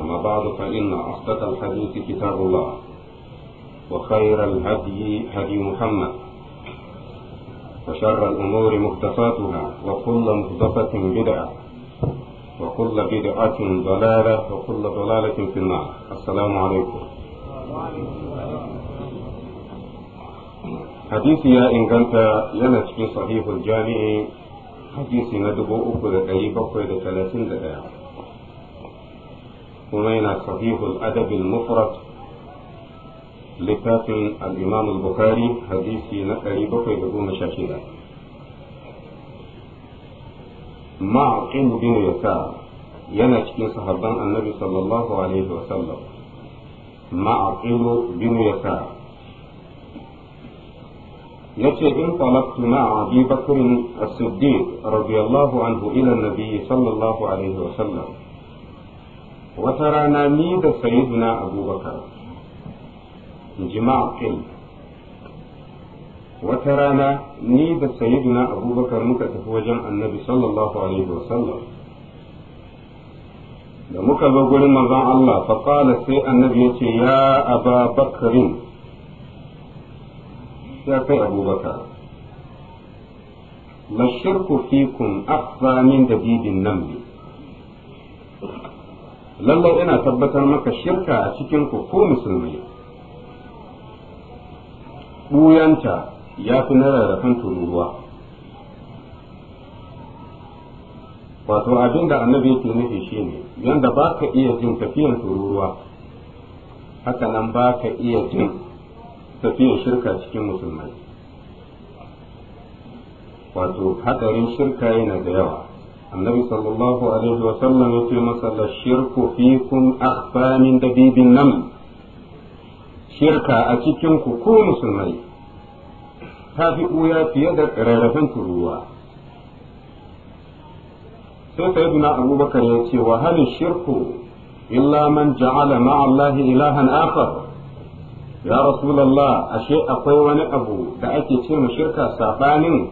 أما بعد فإن أصدق الحديث كتاب الله وخير الهدي هدي محمد وشر الأمور مختصاتها وكل مختصة بدعة وكل بدعة ضلالة وكل ضلالة في النار السلام عليكم حديث يا إن كنت ينت في صحيح الجامع حديث ندبو أكد أي بقيد ثلاثين دقائق سمينا صفيه الأدب المفرد لكاتب الإمام البخاري حديثي نقري بقي بقوم شاشيلا ما عقيم بن يسا ينج كن النبي صلى الله عليه وسلم ما عقيم بن يسا يجي إن طلبت مع أبي بكر الصديق رضي الله عنه إلى النبي صلى الله عليه وسلم wata rana ni da sayyiduna abubakar jima'a kai wata rana ni da sayyiduna abubakar muka tafi wajen annabi sallallahu alaihi wasallam da muka zo gurin manzon Allah faƙala sai annabi ya ce ya aba bakarin ya kai abubakar la shirku fikum afza min dabibin namli lallai ina tabbatar maka shirka a cikin ku ko musulmi. ɓuyanta ya fi na rarrafin tururuwa wato abin da annabi yake nufi shi ne yadda ba ka iya jin tafiyan tururuwa haka nan ba ka iya jin tafiyan shirka cikin musulmai wato hadarin shirka yana da yawa annabi sallallahu alaihi wa sallam yace masa la shirku fikum akhfa min dabibin nam shirka a cikin ku musulmai ta fi ɓuya fiye da rarrafin turuwa sai sayyiduna abubakar ya ce wa halin shirku illa man ja'ala ma'allahi ilahan akhar ya rasu rasulallah ashe akwai wani abu da ake ce mu shirka sabanin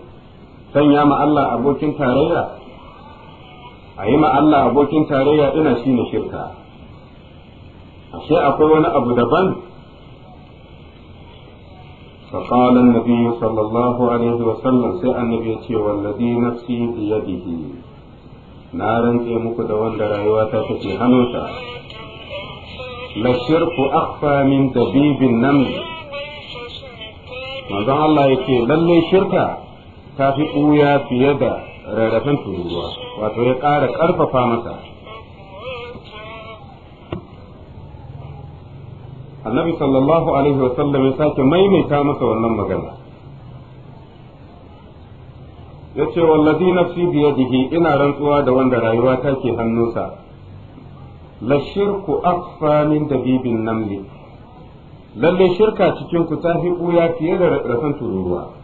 sanya ma Allah abokin tarayya a yi ma Allah abokin tarayya ina shi ne shirka ashe akwai wani abu daban فقال النبي صلى الله عليه وسلم سي النبي يتي والذي نفسي بيده نارن تي muku da wanda rayuwa ta take hannunsa Lafiyar ku akhfa min dabibin naml manzon Allah yake lalle shirka ta fi ɓuya fiye da rarrafen tururuwa wato ya ƙara ƙarfafa masa annabi sallallahu alaihi wasallam ya sake maimaita masa wannan magana ya ce wallazi nafsi biyadihi ina rantsuwa da wanda rayuwa ta ke hannusa. la shirku akfa min dabibin namli lalle shirka cikin ku ta fi ɓuya fiye da rarrafen tururuwa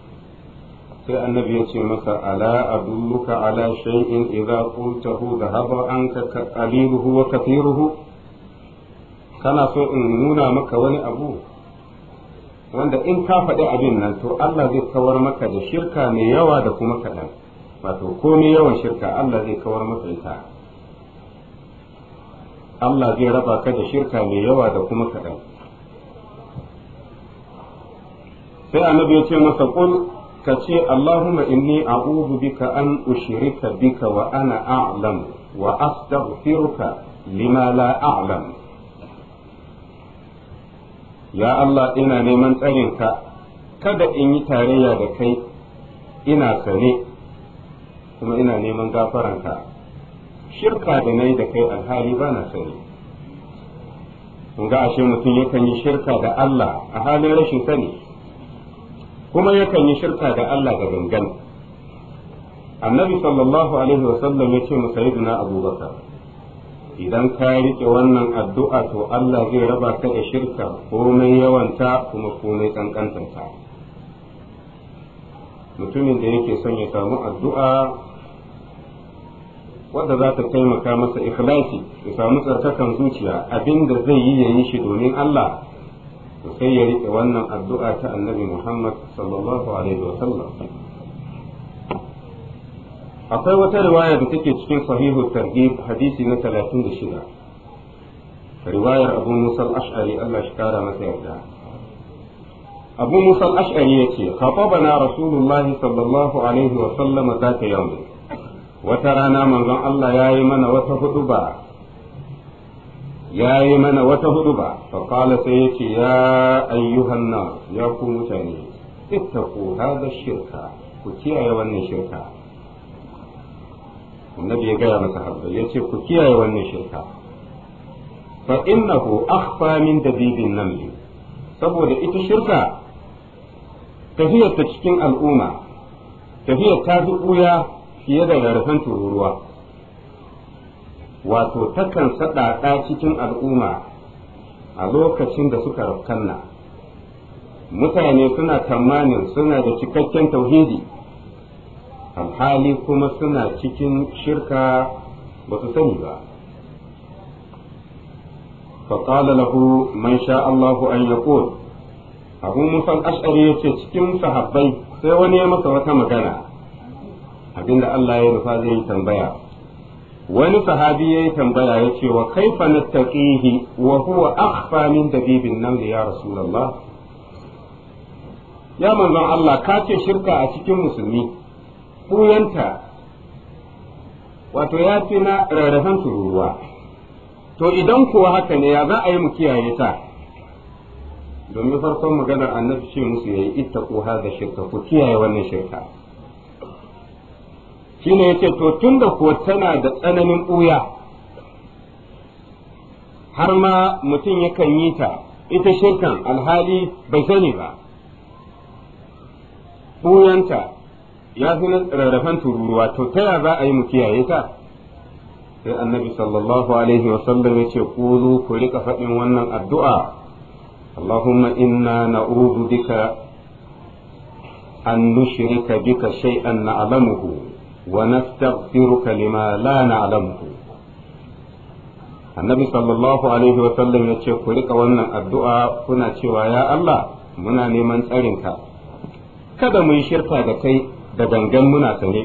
sai annabi ya ce masa ala adulluka ala shay'in idza qultahu dhahaba anka qaliluhu wa kathiruhu kana so in nuna maka wani abu wanda in ka faɗi abin nan to Allah zai kawar maka da shirka mai yawa da kuma kaɗan wato komai yawan shirka Allah zai kawar maka ita Allah zai raba ka da shirka mai yawa da kuma kaɗan sai annabi ya ce masa qul ka ce Allahumma inni a'udhu bika an ushrika bika wa ana a'lam wa astaghfiruka lima la a'lam ya Allah ina neman tsarinka kada in yi tarayya da kai ina sane kuma ina neman gafaranka shirka da nayi da kai alhali ba na sani kun ga ashe mutum yakan yi shirka da Allah a halin rashin sani kuma yakan yi shirka da Allah da gangan annabi sallallahu alaihi wasallam ya ce abu abubakar idan ka riƙe wannan addu'a to Allah zai raba ka da shirka komai yawanta kuma komai kankantanta mutumin da yake son ya samu addu'a wadda za ta taimaka masa ikhlasi ya samu tsarkakan zuciya abin da zai yi ya yi shi domin Allah sai ya rike wannan addu'a ta annabi Muhammad sallallahu alaihi wa sallam akwai wata riwaya da take cikin sahihu targhib hadisi na 36 riwayar Abu Musal ashari Allah shi kara masa yarda Abu Musa al-Ash'ari yace khatabana Rasulullahi sallallahu alaihi wa sallam zata yau wata rana manzon Allah ya yi mana wata ba. ya yi mana wata hudu ba faƙala sai ya ce ya ayyuhan nan ya ku mutane ku haɗa shirka ku kiyaye wannan shirka annabi ya gaya masa habba ya ce ku kiyaye wannan shirka fa innahu akhfa min dabibin namli saboda ita shirka tafiyar ta cikin al'umma tafiyar ta fi ɓuya fiye da rarrafan tururuwa wato takan saɗaɗa cikin al'umma a lokacin da suka rafkanna mutane suna tamanin suna da cikakken tauhidi alhali kuma suna cikin shirka ba su sani ba فقال له من شاء الله أن يقول أبو موسى الأشعري يتشكم magana. سيوني مكة وتمكنا أبين الله يرفع yi tambaya. wani sahabi yayi tambaya ce, wa kaifa nastaqihi wa huwa akhfa min dabibin naml ya rasulullah ya manzon Allah ka ce shirka a cikin musulmi ɓuyanta wato ya fi na rarrafen tururuwa to idan kuwa haka ne ya za a yi mu kiyaye ta domin farkon maganar annabi ce musu yayi ittaqu hadha shirka ku kiyaye wannan shirka shine yace to tunda ko tana da tsananin ɓuya har ma mutum yakan yi ta ita shirkan alhali bai sani ba ɓuyanta ya fi na rarrafan tururuwa to ta ya za a yi mu kiyaye ta sai annabi sallallahu alaihi wa ya ce ƙulu ku rika faɗin wannan addu'a اللهم إنا نعوذ بك أن نشرك بك شيئا نعلمه ونستغفرك لما لا نعلمه النبي صلى الله عليه وسلم يقول كريك وانا الدعاء كنا cewa ya Allah muna neman tsarinka kada muyi yi shirka da kai da gangan muna sane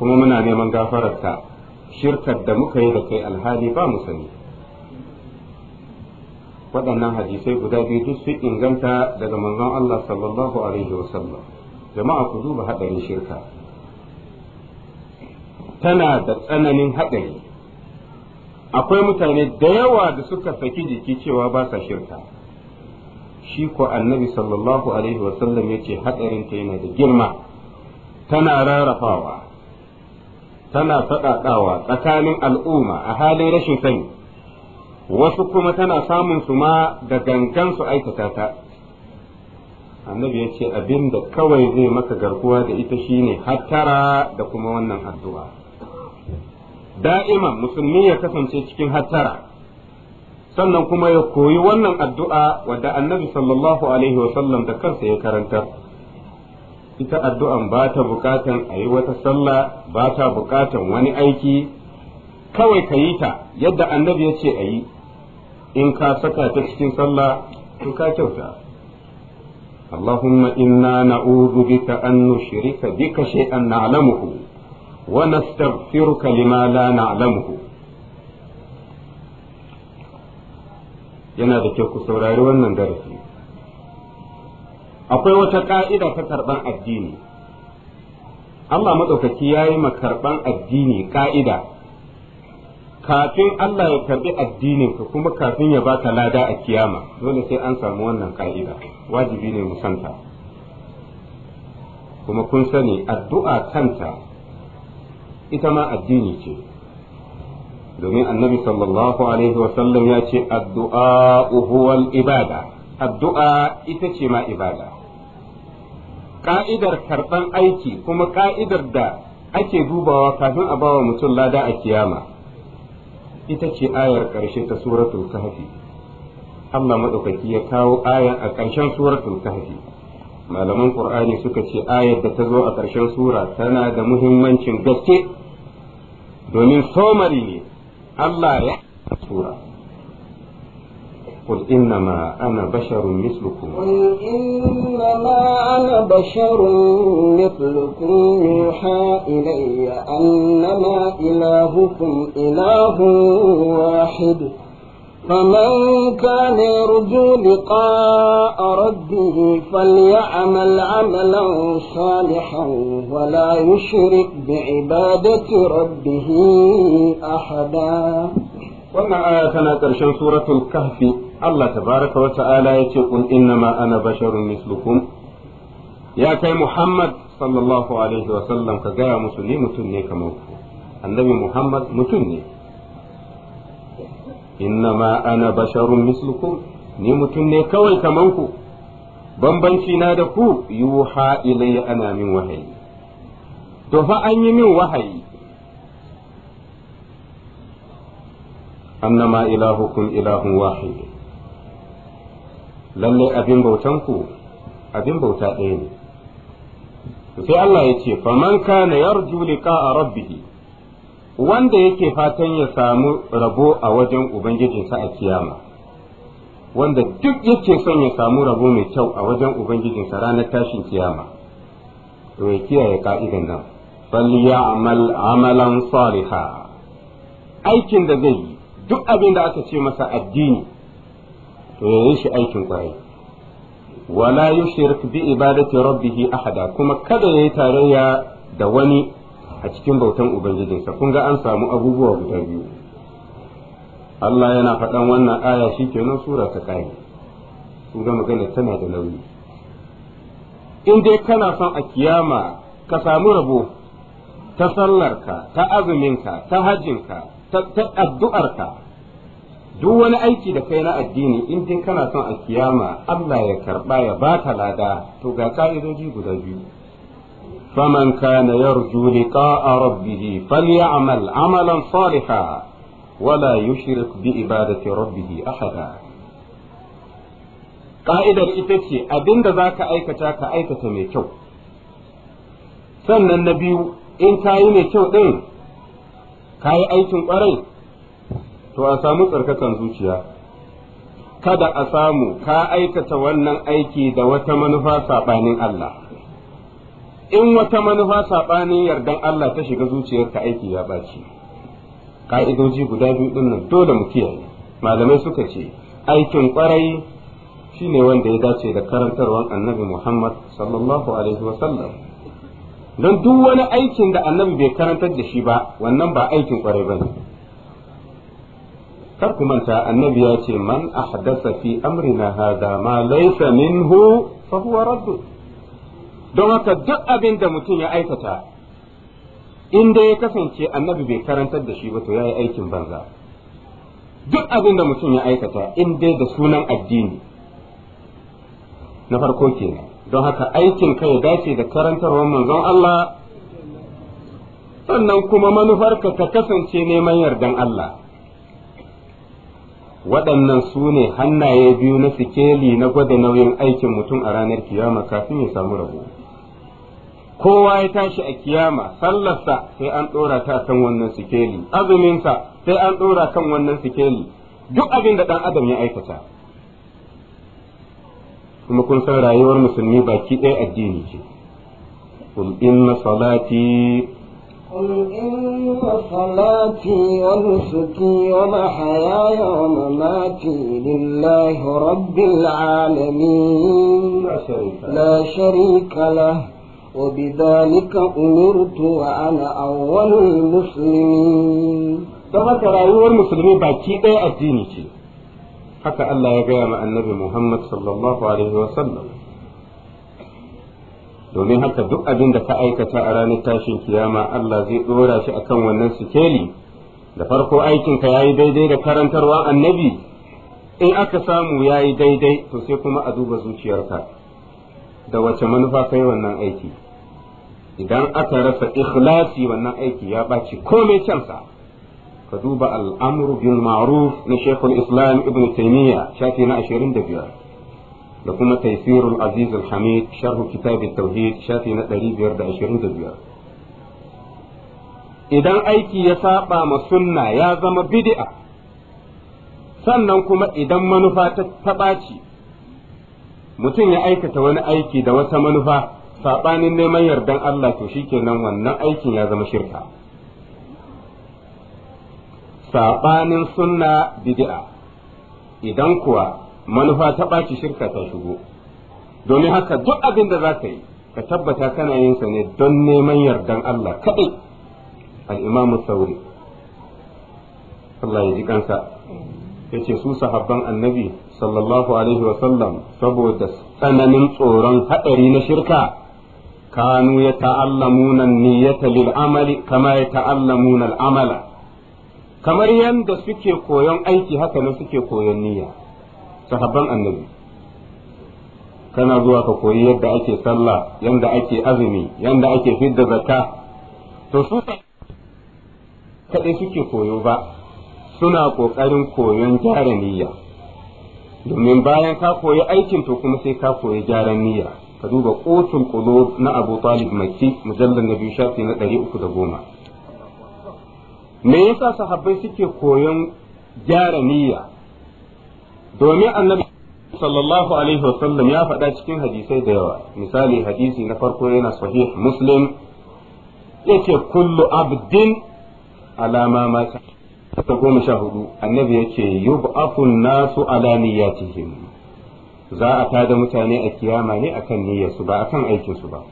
kuma muna neman gafararka shirkar da muka yi da kai alhali ba mu sani waɗannan hadisai guda biyu duk su inganta daga manzon Allah sallallahu alaihi wasallam jama'a ku duba haɗarin shirka tana da tsananin haɗari akwai mutane da yawa da suka saki jiki cewa ba sa shirka shi ko annabi sallallahu alaihi wasallam ya ce ta yana da girma tana rarrafawa tana faɗaɗawa tsakanin al'umma a halin rashin sani wasu kuma tana samun su ma da gangan su aikata ta annabi ya ce abin da kawai zai maka garkuwa da ita shine hattara da kuma wannan addu'a Da'ima musulmi ya kasance cikin hattara sannan kuma ya koyi wannan addu'a wadda annabi sallallahu alaihi wasallam da kansa ya karanta ita addu'an ba ta bukatan a yi wata sallah ba ta bukatan wani aiki kawai ka yi ta yadda annabi ya ce a yi in ka saka ta cikin sallah to ka kyauta اللهم إنا نعوذ بك أن نشرك بك شيئا نعلمه ونستغفرك لما لا نعلمه yana da kyau ku saurari wannan darasi akwai wata ka'ida ta karɓar addini Allah matsaukaki ya yi karɓar addini ka'ida kafin Allah ya karɓi ka kuma kafin ya baka lada a kiyama dole sai an samu wannan ka'ida wajibi ne musanta kuma kun sani addu'a kanta ita ma addini ce domin annabi sallallahu alaihi wasallam ya ce addu'a ibada addu'a ita ce ma ibada ka'idar karɓan aiki kuma ka'idar da ake dubawa kafin a bawa mutum lada a kiyama ita ce ayar ƙarshe ta suratul kahfi Allah maɗaukaki ya kawo ayar a ƙarshen suratul kahfi malaman ƙur'ani suka ce ayar da ta zo a ƙarshen sura tana da muhimmancin gaske ومن somari الله يحفظ ya قل إنما أنا بشر مثلكم قل إنما أنا بشر مثلكم يوحى إلي أنما إلهكم إله واحد فمن كان يرجو لقاء ربه فليعمل عملا صالحا ولا يشرك بعبادة ربه أحدا وما آياتنا ترشن سورة الكهف الله تبارك وتعالى يقول إنما أنا بشر مثلكم يا كي محمد صلى الله عليه وسلم كجاء مسلم متني كموت النبي محمد متني innama ana basharun misliku ni mutum ne kawai kaman ku bambanci na da ku yuha ilayya ana min wahayi to fa an yi min wahayi annama ilahu kun ilahun wahayi lalle abin bautan ku abin bauta ɗaya ne sai Allah ya ce fa faman kana yarju liqa'a rabbih wanda yake fatan ya samu rabo a wajen ubangijinsa a kiyama wanda duk yake son ya samu rabo mai kyau a wajen ubangijinsa ranar tashin kiyama to ya kiyaye ka'idan nan ya'mal amalan saliha aikin da zai yi duk abin da aka ce masa addini to ya yi shi aikin kwarai wala yushrik bi ibadati rabbih ahada kuma kada yayi tarayya da wani a cikin bautan ubangijinsa kun ga an samu abubuwa guda biyu Allah yana faɗan wannan aya shi sura ta ƙari, kun ga magana tana da nauyi in dai kana son a kiyama ka samu rabo ta sallarka ta azuminka ta hajjinka ta addu'arka duk wani aiki da kai na addini in dai kana son a kiyama Allah ya karɓa ya ba ta lada to ga ƙa’idoji guda biyu فمن كان يرجو لقاء ربه فليعمل عملا صالحا ولا يشرك بإبادة ربه أحدا قائدة إتتي أبند ذاك أيكتا كأيكتا ميكو سنة النبي إن كاي ميكو إن كاي أيكم قري to a samu tsarkakan zuciya kada a samu ka aikata wannan aiki da wata manufa saɓanin Allah in wata manufa saɓanin yardan Allah ta shiga zuciyarka aiki ya ɓaci ka'idoji guda biyu ɗin nan dole mu kiyaye malamai suka ce aikin ƙwarai shine wanda ya dace da karantarwar annabi Muhammad sallallahu alaihi wasallam don duk wani aikin da annabi bai karantar da shi ba wannan ba aikin kwarai ba ne kar ku manta annabi ya ce man ahdasa fi amrina hada ma laysa minhu fa huwa raddu don haka duk abin da mutum ya aikata in ya kasance annabi bai karantar da shi ba to yayi aikin banza duk abin da mutum ya aikata in da sunan addini na farko kenan don haka aikin kai ya dace da karantarwar manzon Allah sannan kuma manufarka ta kasance neman yardan Allah waɗannan su ne hannaye biyu na sikeli na gwada nauyin aikin mutum a ranar kiyama kafin ya samu rabo. kowa ya tashi a kiyama sallarsa sai an ɗora ta kan wannan sikeli azuminsa sai an ɗora kan wannan sikeli duk abin da ɗan adam ya aikata kuma kun san rayuwar musulmi baki ɗaya addini ce قل إن صلاتي قل إن صلاتي ونسكي ومحياي ومماتي لله رب العالمين لا شريك له وبذلك أمرت وأنا أول المسلمين don haka rayuwar musulmi baki ɗaya addini ce haka Allah ya gaya ma annabi Muhammad sallallahu alaihi wa sallam domin haka duk abin da ka aikata a ranar tashin kiyama Allah zai ɗora shi akan wannan sikeli da farko aikinka ya yi daidai da karantarwa annabi in aka samu ya yi daidai to sai kuma a duba zuciyarka da wace manufa kai wannan aiki idan aka rasa ikhlasi wannan aiki ya ɓaci komai cansa ka duba al'amru bin ma'ruf na shekul islam ibn taymiya shafi na ashirin da biyar da kuma taisirul aziz al-hamid sharhu kitab tauhid shafi na ɗari biyar da ashirin da biyar idan aiki ya saba ma sunna ya zama bid'a sannan kuma idan manufa ta ɓaci mutum ya aikata wani aiki da wata manufa saɓanin neman yardan Allah to shi shikenan wannan aikin ya zama shirka saɓanin sunna bid'a idan kuwa manufa ta ɓaci shirka ta shigo domin haka duk abin da za ka yi ka tabbata kana yin sa ne don neman yardan Allah kaɗai al'imamu sauri Allah ya ji kansa ya ce su sahabban annabi sallallahu alaihi wasallam saboda tsananin tsoron haɗari na shirka kanu ya ta'allamuna niyyata lil amali kama ya ta'allamuna al amala kamar yadda suke koyon aiki haka ne suke koyon niyya sahabban annabi kana zuwa ka koyi yadda ake sallah yadda ake azumi yadda ake fidda zakka to su kaɗai suke koyo ba suna ƙoƙarin koyon gyara niyya domin bayan ka koyi aikin to kuma sai ka koyi gyaran niyya ka duba kotun kulo na abu talib makki mujallar na biyu shafi na ɗari uku da goma me yasa sahabbai suke koyon gyara niyya domin annabi sallallahu alaihi wasallam ya faɗa cikin hadisai da yawa misali hadisi na farko yana sahih muslim yace kullu abdin alama mata ta goma sha hudu annabi ya ce afun nasu ala niyyatihim za a tada mutane a kiyama ne akan niyyarsu ba akan aikinsu ba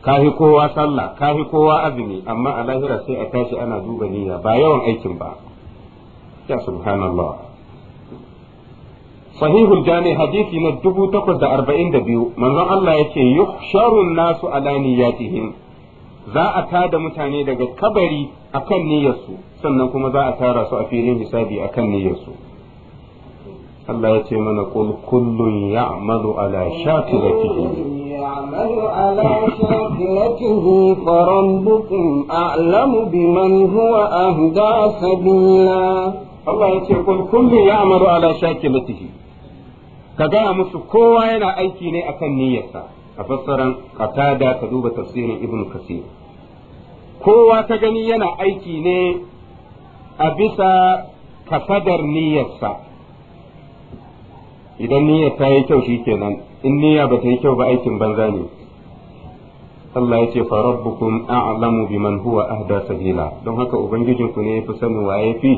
kahi kowa sallah kahi kowa azumi amma a lahira sai a tashi ana duba niyya ba yawan aikin ba ya subhanallah sahihul jami hadisi na 842 manzon Allah yace yuhsharun nasu ala niyyatihim za a tada mutane daga kabari a kan niyyarsu sannan kuma za a tara su a filin hisabi a kan niyyarsu Allah ya ce mana kul kullun ya amalu ala shafi da kiki Allah ya ce kul kullun ya amalu ala shafi da kiki ka gaya musu kowa yana aiki ne a kan niyyarsa ka fassaran qatada ka duba tafsirin ibnu kasir kowa ta gani yana aiki ne a bisa kasadar niyyarsa idan niyyar ta yi kyau shi shikenan in niyya ba ta yi kyau ba aikin banza ne Allah ya ce farabbukum a'lamu biman huwa ahda sabila don haka ubangijinku ne fi sanin waye fi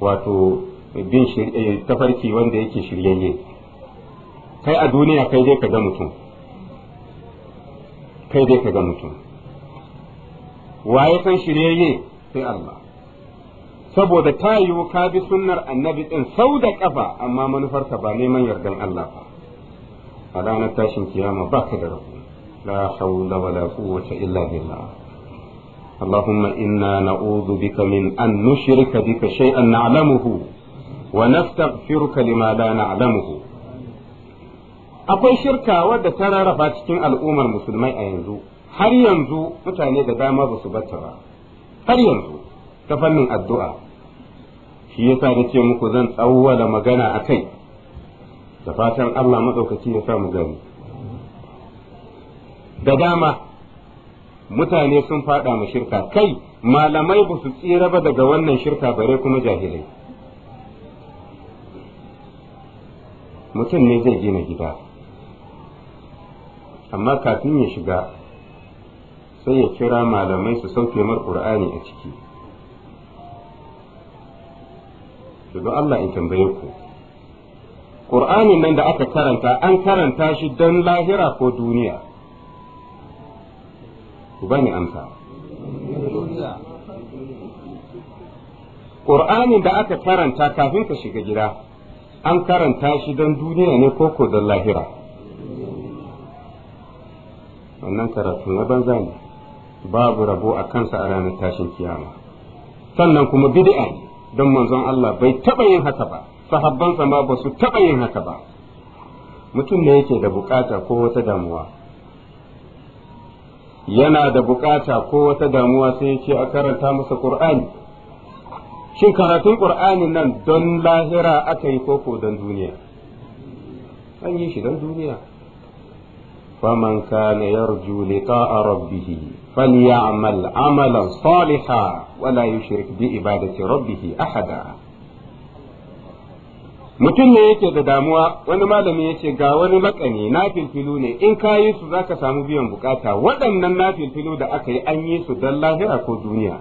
wato bin eh, tafarki wanda yake shiryayye kai a duniya kai dai ka ga mutum kai dai ka ga mutum waye san shiryayye sai Allah saboda ta yiwu ka bi sunnar annabi din sau da kafa amma manufarka ba neman yardan Allah ba a ranar tashin kiyama ba ka da rabu la hawla wala quwwata illa billah اللهم إنا نعوذ بك من أن نشرك بك شيئا نعلمه ونستغفرك لما لا نعلمه akwai shirka wadda ta rarraba cikin al'ummar musulmai a yanzu har yanzu mutane da dama ba su bata ba har yanzu ta fannin addu'a shi yasa da ce muku zan tsawwala magana a kai da fatan Allah maɗaukaki ya sa mu gani da dama mutane sun faɗa mu shirka kai malamai ba su tsira ba daga wannan shirka bare kuma jahilai mutum ne zai gina gida amma kafin ya shiga sai ya kira malamai su sauke mar qur'ani a ciki don Allah in tambaye ku Qur'anin nan da aka karanta an karanta shi don lahira ko duniya ku bani amsa Qur'anin da aka karanta kafin ka shiga gida an karanta shi don duniya ne ko ko don lahira wannan karatu na banza ne babu rabo a kansa a ranar tashin kiyama sannan kuma bid'a don manzon Allah bai taɓa yin haka ba sahabbansa ma ba su taɓa yin haka ba mutum ne yake da bukata ko wata damuwa yana da bukata ko wata damuwa sai ya ce a karanta masa qur'ani shin karatun qur'ani nan don lahira aka yi koko don duniya an yi shi don duniya فمن كان يرجو لقاء ربه فليعمل عملا صالحا ولا يشرك بعبادة ربه أحدا mutum ne yake da damuwa wani malami ya ce ga wani makani na filfilu ne in ka yi su zaka samu biyan bukata waɗannan na filfilu da aka yi an yi su don lahira ko duniya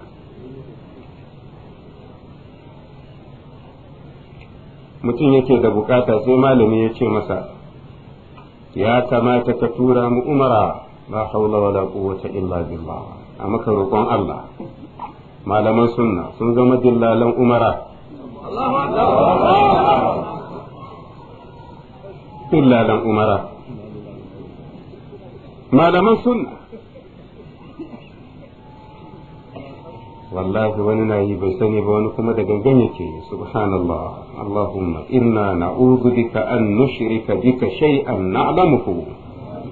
mutum yake da bukata sai malami ya ce masa ya kamata ka tura mu umara la haula wala quwwata illa billah a maka roƙon Allah malaman sunna sun zama dillalan umara dillalan umara malaman sunna wallahi wani na yi bai sani ba wani kuma da gangan yake subhanallah allahumma inna na'udhu bika an nushrika bika shay'an na'lamuhu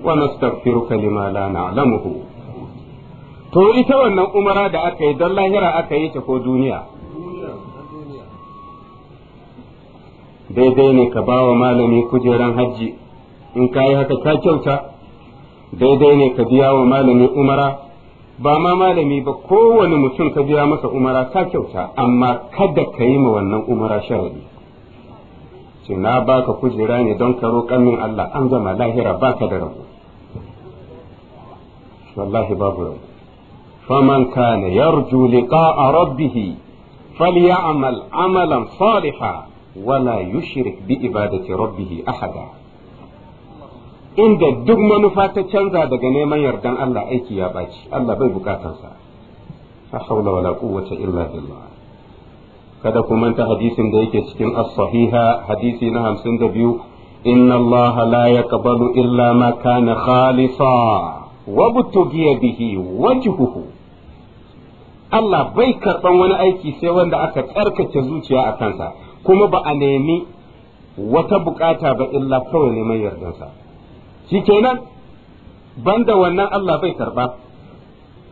wa nastaghfiruka lima la na'lamuhu to ita wannan umara da aka yi don lahira aka yi ta ko duniya daidai ne ka bawa malami kujeran hajji in ka yi haka ka kyauta daidai ne ka biya wa malami umara ba ma malami ba kowane mutum ka biya masa umara ka kyauta amma kada ka yi ma wannan umara sharadi ce na baka kujera ne don ka roƙan min Allah an zama lahira baka da rabu wallahi babu rabu faman kana yarju liqa'a rabbih falyamal amalan salihan wala yushrik bi ibadati rabbih ahada inda duk manufa ta canza daga neman yardan Allah aiki ya baci Allah bai sa. la haula wala quwwata illa billah kada ku manta hadisin da yake cikin as-sahiha hadisi na 52 inna Allah la yaqbalu illa ma kana khalisa wa butughiya bihi wajhuhu Allah bai karban wani aiki sai wanda aka tsarkake zuciya a kansa kuma ba a nemi wata bukata ba illa kawai neman yardansa kenan banda wannan Allah bai karba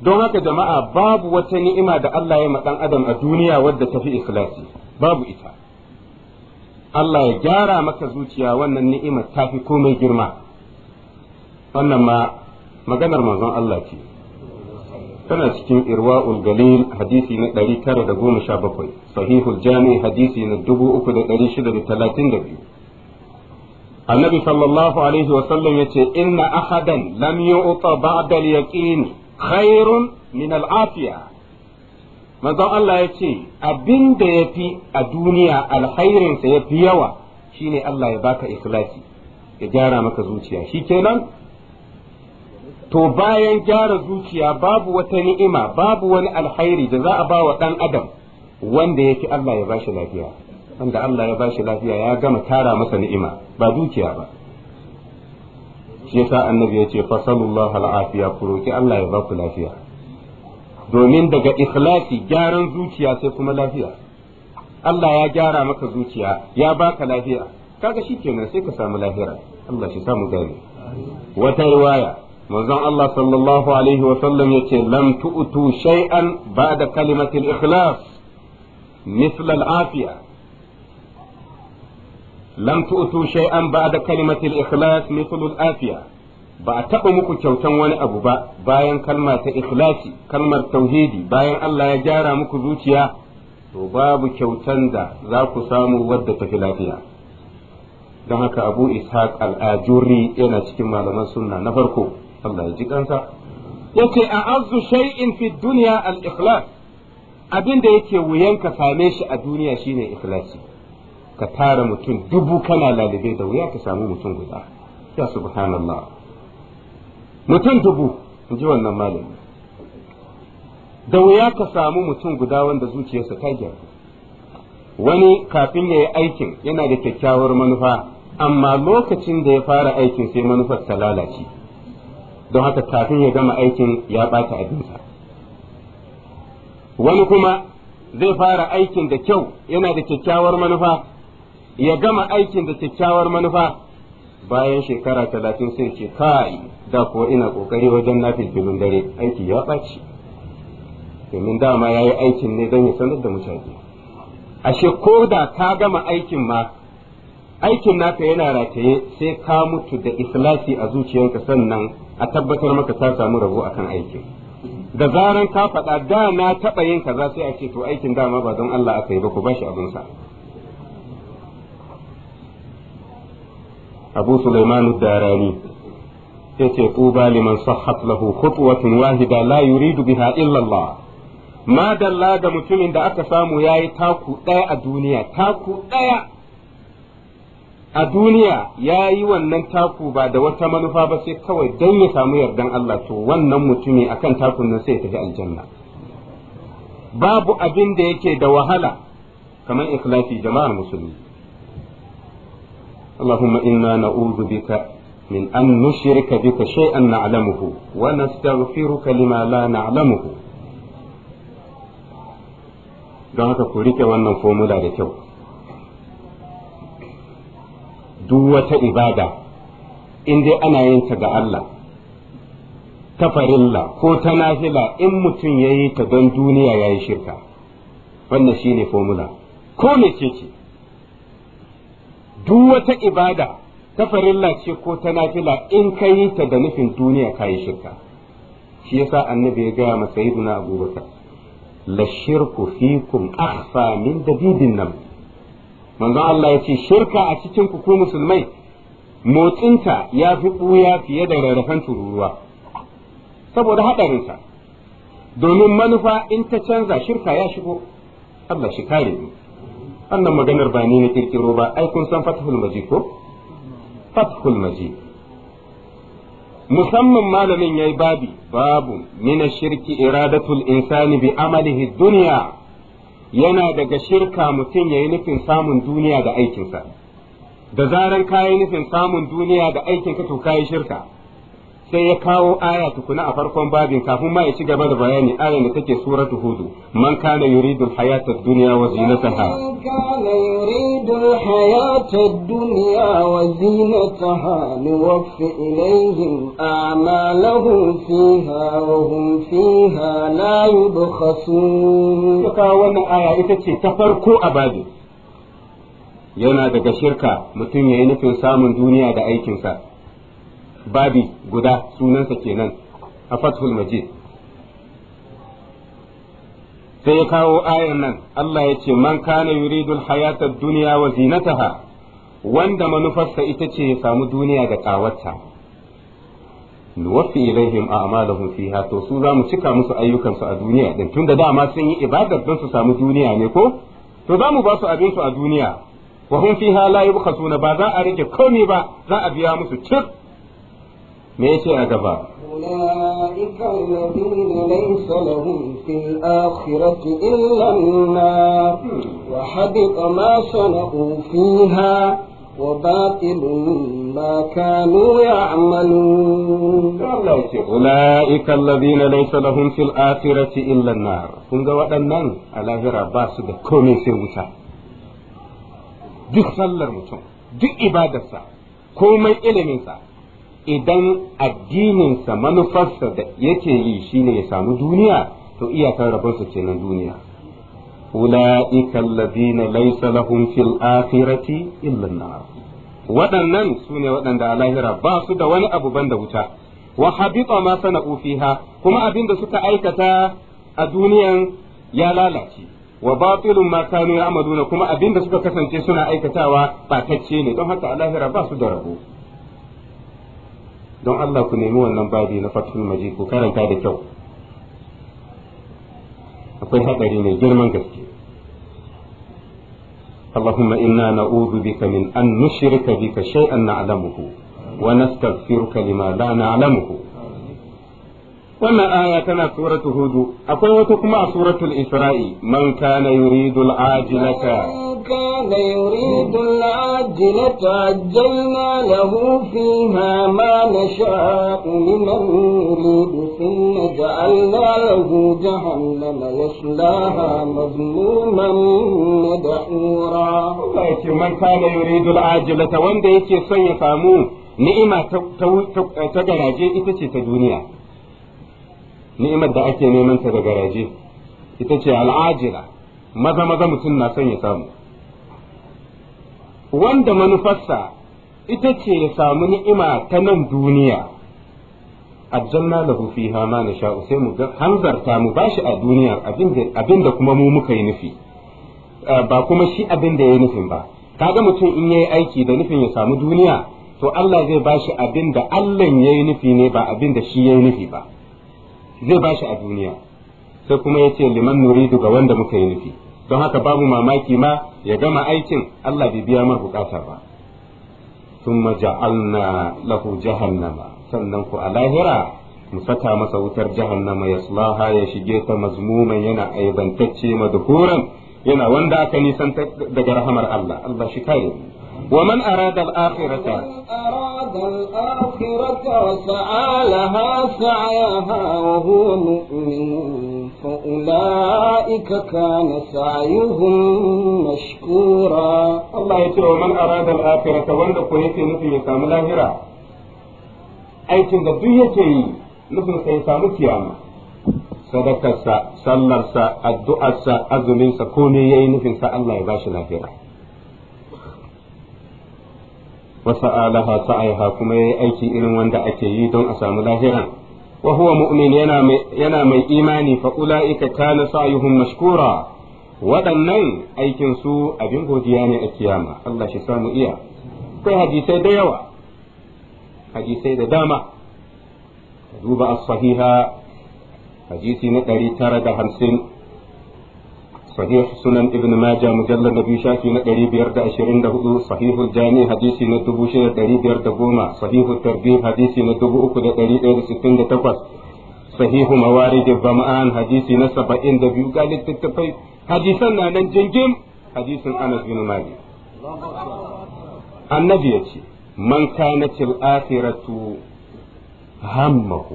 don haka jama'a babu wata ni'ima da Allah ya dan adam a duniya wadda ta fi ikhlasi babu ita Allah ya gyara maka zuciya wannan ni'ima ta fi komai girma wannan ma maganar manzon Allah ce tana cikin irwa'ul galil hadisi na 917 sahihul jami hadisi na 3632 annabi sallallahu alaihi wasallam ya ce inna ahadan lam yu'ta ba'da al-yaqin khairun min al-afiya manzon Allah ya ce abinda ya fi a duniya alkhairinsa ya fi yawa shine Allah ya baka ikhlasi ya gyara maka zuciya shi kenan to bayan gyara zuciya babu wata ni'ima babu wani alkhairi da za a ba wa ɗan adam wanda ya fi Allah ya ba shi lafiya wanda Allah ya bashi lafiya ya gama tara masa ni'ima ba dukiya ba shi yasa annabi ya ce fasalullah al'afiya ku roki Allah ya baku lafiya domin daga ikhlasi gyaran zuciya sai kuma lafiya Allah ya gyara maka zuciya ya baka lafiya kaga shikenan sai ka samu lafiya Allah shi samu gani wata riwaya manzon Allah sallallahu alaihi wa sallam yace lam tu'tu shay'an ba'da kalimatil ikhlas mithla al'afiya lam tu'tu shay'an ba'da kalimatil ikhlas mithlul afiya ba a taɓa muku kyautan wani abu ba bayan kalma ta ikhlasi kalmar tauhidi bayan Allah ya gyara muku zuciya to babu kyautan da za ku samu wadda tafi lafiya don haka abu ishaq al'ajuri yana cikin malaman sunna na farko Allah ya ji kansa yace a shay'in fi dunya al-ikhlas abin da yake wuyan ka same shi a duniya shine ikhlasi ka tara mutum dubu kana lalibai da wuya ka samu mutum guda ya subhanallah mutum dubu in ji wannan malami da wuya ka samu mutum guda wanda zuciyarsa ta gyaru wani kafin ya yi aikin yana da kyakkyawar manufa amma lokacin da ya fara aikin sai manufar ta lalace don haka kafin ya gama aikin ya ɓata abinsa wani kuma zai fara aikin da kyau yana da kyakkyawar manufa ya gama aikin da kyakkyawar manufa bayan shekara talatin sai ce kai da ko ina kokari wajen na filfilin dare aiki ya ɓaci domin dama ya yi aikin ne don ya sanar da mutane ashe ko da ka gama aikin ma aikin naka yana rataye sai ka mutu da ikhlasi a zuciyarka sannan a tabbatar maka ta samu rabo akan aikin da zaran ka faɗa da na taɓa yin kaza sai a ce to aikin dama ba don Allah aka yi ba ku bashi abin sa abu sulaimanu darani yace tuba liman sahhat lahu khutwatun wahida la yuridu biha illallah. Madalla da mutumin da aka samu yayi taku ɗaya a duniya taku ɗaya a duniya yayi wannan taku ba da wata manufa ba sai kawai dan ya samu yardan Allah to wannan mutumin akan takun nan sai tafi aljanna babu abin da yake da wahala kamar ikhlasi jama'ar musulmi اللهم إنا نعوذ بك من أن نشرك بك شيئا نعلمه ونستغفرك لما لا نعلمه don haka ku rike wannan fomula da kyau duk wata ibada in dai ana yin ta ga Allah ta farilla ko ta nafila in mutum ya yi ta don duniya ya yi shirka wannan shine fomula ko mece ce duk wata ibada ta farilla ce ko ta nafila in ka yi ta da nufin duniya ka yi shirka shi yasa annabi ya gaya masa yi duna abubakar la shirku fikum akhfa min dabidin nan manzon Allah ya ce shirka a cikin ku ku musulmai motsinta ya fi buya fiye da rarrafan tururuwa saboda haɗarinsa domin manufa in ta canza shirka ya shigo Allah shi kare ni. wannan maganar ba ni na kirkiro ba ai kun san fathul majid ko fathul majid musamman malamin yayi babi babu min shirki iradatul insani bi amalihi dunya yana daga shirka mutum yayi nufin samun duniya da aikinsa da zaran kayi nufin samun duniya da aikinka to kayi shirka sai ya kawo aya tukuna a farkon babin kafin ma ya ci gaba da bayani aya da take suratu hudu man kana yuridu al-hayata dunya wa zinataha man kana yuridu hayata dunya wa zinataha nuwaffi ilayhim a'malahum fiha wa hum fiha la yubkhasun ka wannan aya ita ce ta farko a babin yana daga shirka mutum yayi nufin samun duniya da aikinsa babi guda sunansa kenan a fathul majid sai ya kawo ayan nan Allah ya ce man kana yuridul hayatad dunya wa zinataha wanda manufarsa ita ce ya samu duniya da kawarta nuwaffi ilaihim a'malahum fiha to su za mu cika musu ayyukansu a duniya din tunda dama sun yi ibadar don su samu duniya ne ko to za mu ba su abin su a duniya wa hum fiha la yubkhasuna ba za a rike komai ba za a biya musu cik me yace a gaba wula ikalla biyu da laifin lahusus al'akirati illa naira waxa biɗo ma son ufi wa batilin maka lu'a amanu. wula ikalla biyu waɗannan ala zira da komai fewu duk sallar mutum duk ibadarsa ba da sa komai ele idan addininsa manufarsa da yake yi shine ya samu duniya to iyakar rabonsa kenan duniya ula'ika alladhina laysa lahum fil akhirati illa an-nar waɗannan sune waɗanda a lahira ba su da wani abu banda wuta wa habita ma sana'u fiha kuma abinda suka aikata a duniyan ya lalace wa batilun ma kanu ya'maluna kuma abinda suka kasance suna aikatawa batacce ne don haka a lahira ba su da rabo don Allah ku nemi wannan babi na fathul majid karanta da kyau akwai haɗari ne girman gaske اللهم إنا نعوذ بك من أن نشرك بك شيئا نعلمه ونستغفرك لما لا نعلمه wannan aya tana suratul hudu akwai wata kuma a suratul isra'i man kana yuridul ajilata كان يريد العاجلة عجلنا له فيها ما نشاء لمن نريد ثم جعلنا له جهنم يصلاها مظلوما مدحورا من كان يريد العاجلة وان بيتي يكي صنع فامو نئمة تجراجي إتشي تدنيا نئمة دعتي نئمة تجراجي ta da ماذا ماذا ce al'ajila maza wanda manufarsa ita ce ya samu ni'ima ta nan duniya aljanna lahu fiha ma nasha'u sai mu hanzarta mu bashi a duniya abin da kuma mu muka yi nufi ba kuma shi abin da ya nufin ba kaga mutum in yayi aiki da nufin ya samu duniya to Allah zai bashi abin da Allah ya yi nufi ne ba abin da shi ya yi nufi ba zai bashi a duniya sai kuma ya ce liman nuridu ga wanda muka yi nufi don haka babu mamaki ma ya gama aikin Allah bai biya mar bukata ba thumma ja'alna lahu jahannama sannan ku a lahira mu saka masa wutar jahannama ya sulaha ya shige ta mazmuman yana aibantacce madhuran yana wanda aka nisan daga rahamar Allah Allah shi kare ومن أراد الآخرة أراد الآخرة وسعى لها سعيها وهو مؤمن فأولئك كان سعيهم مشكورا الله يتوى من أراد الآخرة وند كويتي نفي يسام الآخرة أي تندبي يتي نفي سيسام كياما sadakarsa sallarsa addu'arsa azuminsa ko ne yayi nufin sa Allah ya bashi lafiya wasa alaha sa'aiha kuma yayi aiki irin wanda ake yi don a samu lahiran wa huwa yana mai imani fa ulaika kana sa'yuhum mashkura waɗannan aikin su abin godiya ne a kiyama Allah shi samu iya kai hadisai da yawa hadisai da dama duba as hadisi na ɗari tara da hamsin. صحيح سنن ابن ماجه مجلد نبي شافي نقري بيرد أشرين دهو صحيح الجامع حديثي ندبو شير دقري بيرد قوما صحيح التربية حديثي ندبو أكو دقري بيرد ستين دتقص صحيح موارد الظمآن حديثي نسبة إن دبيو قالت تتفاي حديثا أنا جنجم حديث أنس بن مالك النبي يتي من كانت الآخرة همه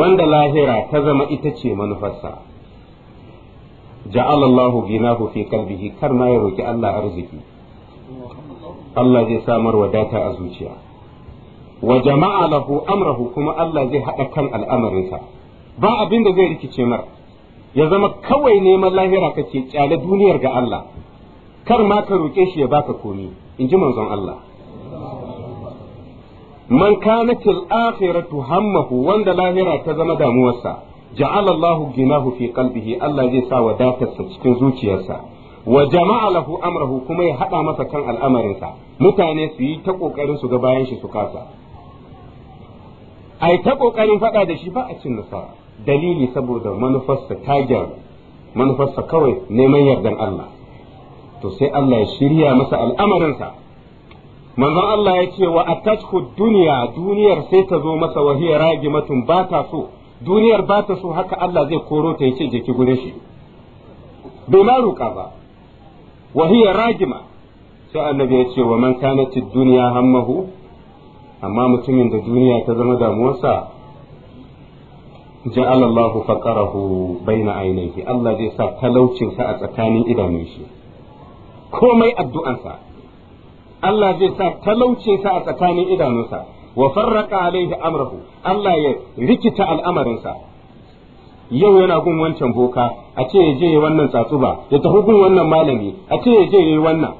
wanda lahira ta zama ita ce manufarsa ja'ala Allahu ginahu fi kalbihi, kar ma ya roki Allah arziki Allah zai samar wadata a zuciya wa jama'a lahu amrahu kuma Allah zai hada kan al'amarinsa ba abin da zai rikice mar ya zama kawai neman lahira kace kyale duniyar ga Allah kar ma ka roke shi ya baka komi in ji manzon Allah man kanatil akhiratu hammahu wanda lahira ta zama damuwarsa ja'ala Allah ginahu fi qalbihi Allah zai sa wadatarsa cikin zuciyarsa wa jama'a lahu amrahu kuma ya haɗa masa kan al'amarinsa mutane su yi ta ƙoƙarin su ga bayan shi su kasa ai ta ƙoƙarin faɗa da shi ba a cin nasara dalili saboda manufarsa tagar manufarsa kawai neman yardan Allah to sai Allah ya shirya masa al'amarinsa manzon Allah ya ce wa a atasku duniya duniyar sai ta zo masa wahiya mutum ba ta so duniyar ba ta so haka Allah zai koro ta yace je ki gure shi bai ma ba wa hiya rajima sai annabi ya ce wa man kanat ad-dunya hammahu amma mutumin da duniya ta zama damuwarsa ja'ala Allahu faqarahu baina ainihi Allah zai sa talaucin sa a tsakanin idanun shi komai addu'ansa Allah zai sa talaucin sa a tsakanin idanunsa wa farraqa alaihi amrahu Allah ya rikita al'amarinsa yau yana gun wancan boka a ce ya je wannan tsatsuba ya tafi gun wannan malami a ce ya je yayi wannan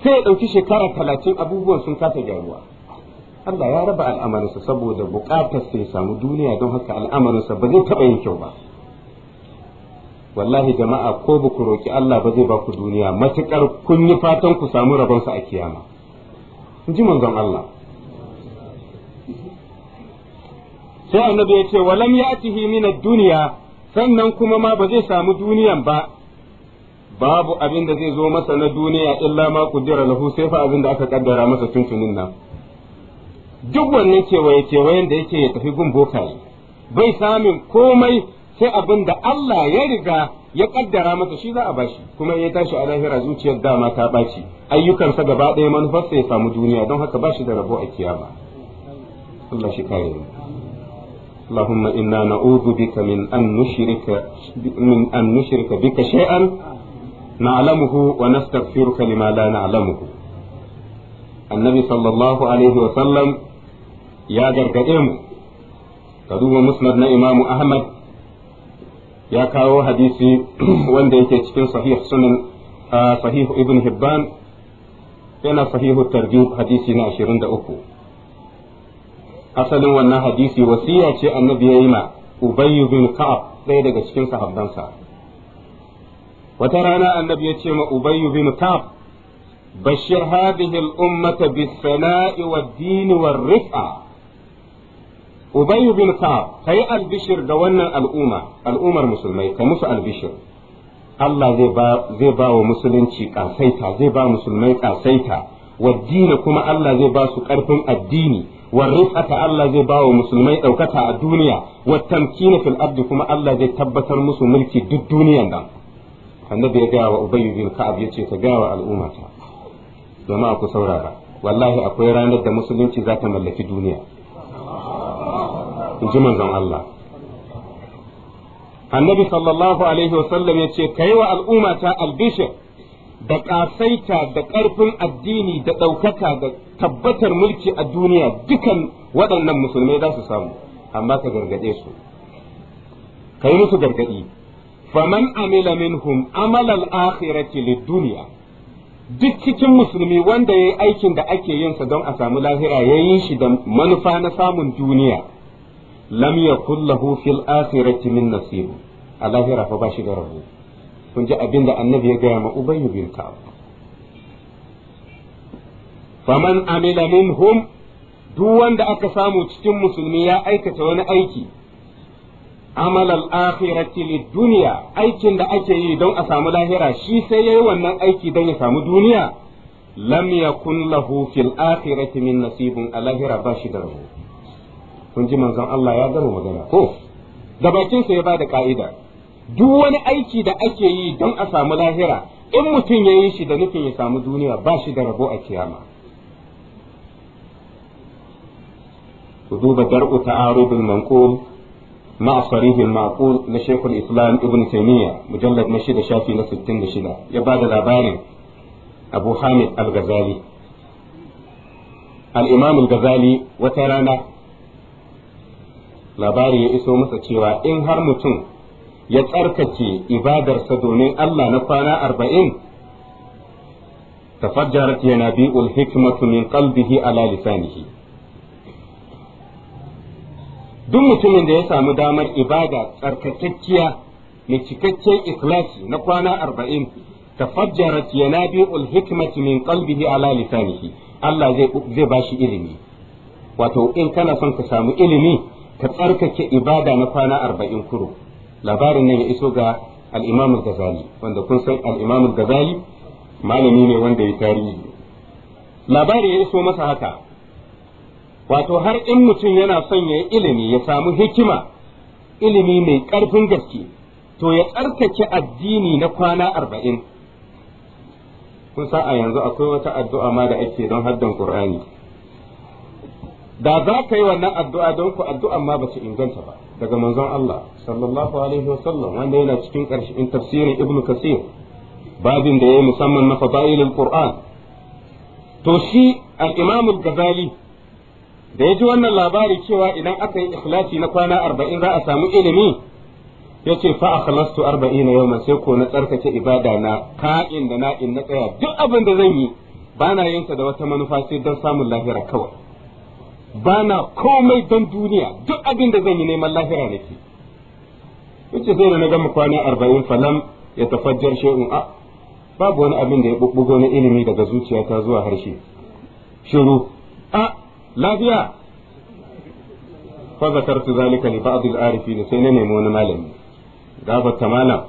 sai ya ɗauki shekara talatin abubuwan sun kasa gyaruwa Allah ya raba al'amarinsa saboda buƙatar sai samu duniya don haka al'amarinsa ba zai taɓa yin kyau ba wallahi jama'a ko ba ku Allah ba zai ba ku duniya matukar kun yi fatan ku samu rabonsa a kiyama in ji manzon Allah sai annabi ya ce walam ya'tihi min ad duniya sannan kuma ma ba zai samu duniyan ba babu abin da zai zo masa na duniya illa ma kudira lahu sai fa abin da aka kaddara masa tuntunin nan duk wannan kewaye kewayen da yake ya tafi gun ne bai samun komai sai abin da Allah ya riga ya kaddara masa shi za a bashi kuma ya tashi a lahira zuciyar dama ta baci ayyukansa gaba ɗaya manufarsa ya samu duniya don haka bashi da rabo a kiyama Allah shi kare mu اللهم إنا نعوذ بك من أن نشرك من أن نشرك بك شيئا نعلمه ونستغفرك لما لا نعلمه النبي صلى الله عليه وسلم يا جرجئم كدوب مسند إمام أحمد يا كاو حديثي وان ديكي صحيح سنن صحيح ابن هبان yana sahihu tarjib hadisi na 23 asalin wannan hadisi wasiya ce annabi ya yi ma ubay bin ka'ab ɗaya daga cikin sahabbansa wata rana annabi ya ce ma ubay bin ka'ab bashir hadhihi al-ummata bis-sana'i wad-din rifa ubay bin ka'ab kai albishir ga wannan al'umma al'ummar musulmai kai musu albishir Allah zai ba wa musulunci kasaita zai ba musulmai kasaita wa kuma Allah zai ba su karfin addini والرفعة الله زي باو مسلمي أو كتا الدنيا والتمكين في الأرض كما الله زي تبتر مسو ملكي دو الدنيا دا النبي يقاوى أبي بن كعب يتي تقاوى الأمة جماعة كسورة والله أقوي راند دا مسلم ذات ملك الدنيا in ji manzon Allah. Annabi sallallahu Alaihi wasallam ya ce, Ka yi wa al'umma ta albishir, da ƙasaita da ƙarfin addini da ɗaukaka da tabbatar mulki a duniya dukan waɗannan musulmai za su samu amma ka gargaɗe su ka yi musu gargaɗi faman amila minhum amalal akhirati lid duniya duk cikin musulmi wanda yayi aikin da ake yin sa don a samu lahira ya yi shi da manufa na samun duniya lam yakul lahu fil akhirati min nasib a lahira fa ba shi da rabo kun ji abin da annabi ya gaya ma ubayyu bin ka'ab faman amila minhum duk wanda aka samu cikin musulmi ya aikata wani aiki amal al-akhirati lid-dunya aikin da ake yi don a samu lahira shi sai yayi wannan aiki don ya samu duniya lam yakun lahu fil akhirati min nasibun a lahira ba shi da rabo kun ji manzon Allah ya gama magana ko da bakin sa ya bada ka'ida duk wani aiki da ake yi don a samu lahira in mutum ya yi shi da nufin ya samu duniya ba shi da rabo a kiyama ku duba dar'u ta'arudul manqul ma'a sarihil ma'qul na shaykhul islam ibn taymiya mujallad na shida shafi na 66 ya bada labarin abu hamid al-ghazali al-imam al-ghazali wata rana labari ya iso masa cewa in har mutum ya tsarkake ibadarsa domin Allah na kwana arba'in tafajjarat yanabi'ul hikmatu min qalbihi ala lisanihi duk mutumin da ya samu damar ibada tsarkakakkiya mai cikakken ikhlasi na kwana arba'in tafajjarat yanabi'ul hikmatu min qalbihi ala lisanihi Allah zai zai bashi ilimi wato in kana son ka samu ilimi ka tsarkake ibada na kwana arba'in kuro labarin nan ya iso ga al-Imam al wanda kun san al-Imam al malami ne wanda ya tarihi labari ya iso masa haka wato har in mutum yana son ya ilimi ya samu hikima ilimi mai ƙarfin gaske to ya tsarkake addini na kwana arba'in kun sa a yanzu akwai wata addu'a ma da ake don haddan Qur'ani da za ka yi wannan addu'a don ku addu'a ma ba su inganta ba daga manzon Allah sallallahu alaihi sallam. wanda yana cikin ƙarshen tafsirin ibn kasir babin da yi musamman na fadailul qur'an to shi al-imam al-ghazali da wannan labari cewa idan aka yi ikhlasi na kwana arba'in za a samu ilimi Ya ce fa akhlastu arba'in yawman sai ko na tsarkake ibada na ka'in da na'in na tsaya duk abin da zan yi bana yin sa da wata manufa sai don samun lahira kawai ba na komai don duniya duk abin da zan yi neman lahira nake yace sai da na gama kwana arba'in falam ya tafajjar shehun a babu wani abin da ya bubbugo na ilimi daga zuciya ta zuwa harshe shiru a lafiya fa zakartu zalika li ba'd al-arifin sai na nemi wani malami gabata malam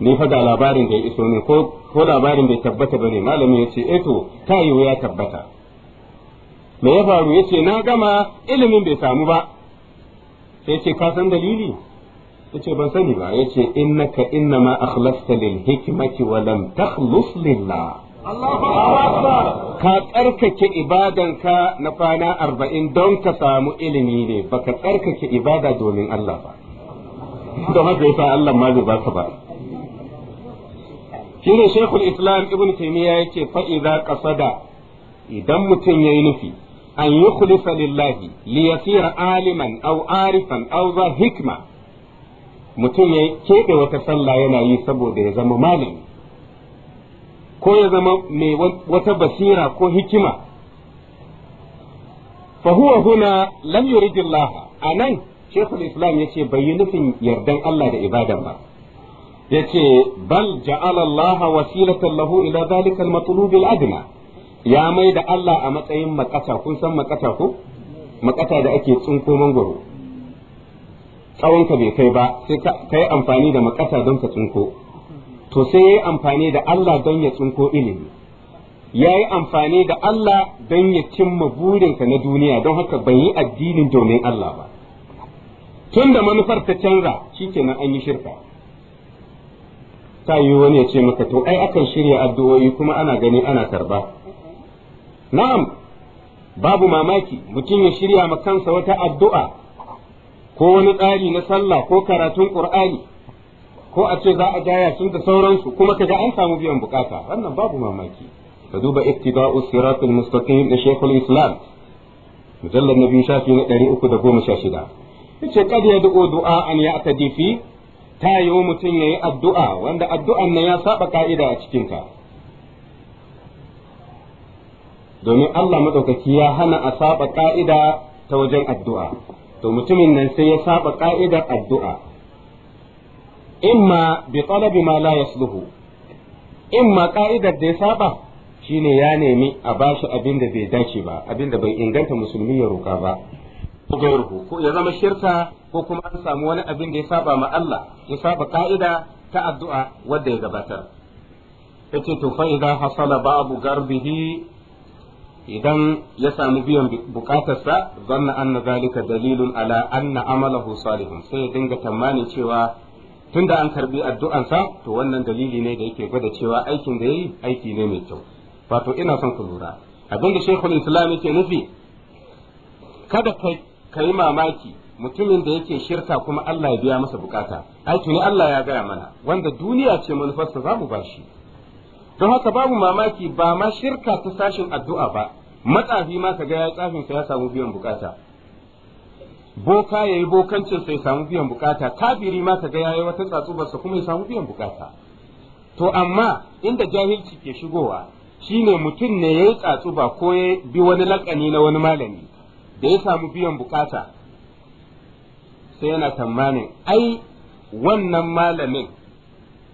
ni fa labarin da ya iso ne ko ko labarin bai tabbata ba bane malami ce eh to ta yiwu ya tabbata me ya faru yace na gama ilimin bai samu ba sai ce ka san dalili ce ban sani ba yace innaka innama akhlasta lil hikmati wa lam takhlus lillah ka tsarkake ibadanka na kwana arba'in don ka samu ilimi ne baka tsarkake ibada domin Allah ba don haka yasa Allah ma zai baka ba shi ne shekul islam ibn taimiyya yake fa'iza kasada idan mutum ya yi nufi an yukhlifa lillahi li yasira aliman aw arifan aw hikma mutum ya keɓe wata sallah yana yi saboda ya zama malami ko ya zama mai wata basira ko hikima fa huwa huna lam yuridillah anan shekul islam yace bai yi nufin yardan Allah da ibadan ba yace bal ja'ala Allah wasilatan lahu ila dhalika al-matlub al ya mai da Allah a matsayin makata kun san makata ko makata da ake tsinko mangoro tsawonka bai kai ba sai ka yi amfani da makata don ka tsinko to sai ya yi amfani da Allah don ya tsinko ilimi ya yi amfani da Allah don ya cimma burinka na duniya don haka bai yi addinin domin Allah ba tun da manufar ta canza shikenan an yi shirka ta yi wani ya ce maka to ai akan shirya addu'o'i kuma ana gani ana karba na'am babu mamaki mutum ya shirya ma kansa wata addu'a ko wani tsari na sallah ko karatun ƙur'ani ko a ce za a jaya sun da sauransu kuma kaga an samu biyan bukata wannan babu mamaki ka duba ittiba'u siratul mustaqim da shaykhul islam na biyu shafi na 316 yace kad yad'u du'a an ya'tadi fi ta yiwu mutum yi addu'a wanda addu'an nan ya saba ka'ida a cikinta ta domin Allah maɗaukaki ya hana a saba ƙa'ida ta wajen addu'a to mutumin nan sai ya saba ƙa'idar addu'a imma bi talabi ma la yasluhu imma ƙa'idar da ya saba shi ne ya nemi a bashi abin da bai dace ba abin da bai inganta musulmi ya ruka ba ko ya zama shirka ko kuma an samu wani abin da ya saba ma Allah ya saba ƙa'ida ta addu'a wadda ya gabatar yace to fa hasala babu garbihi idan ya samu biyan bukatarsa zanna anna zalika dalilun ala anna amalahu salihun sai ya dinga tamani cewa tunda an karbi addu'ansa to wannan dalili ne da yake gwada cewa aikin da yayi aiki ne mai kyau wato ina son ku lura abin da shekul islam yake nufi kada ka yi mamaki mutumin da yake shirka kuma Allah ya biya masa bukata aiki ne Allah ya gaya mana wanda duniya ce manufarsa za mu bashi don haka babu mamaki ba ma shirka ta sashin addu'a ba matsafi ma kaga ya tsafin sa ya samu biyan bukata boka yayi bokancin sa ya samu biyan bukata kafiri ma ya yi wata tsatsubar sa kuma ya samu biyan bukata to amma inda jahilci ke shigowa shine mutum ne ya yayi tsatsuba ko ya bi wani lakani na wani malami da ya samu biyan bukata sai yana tamanin ai wannan malamin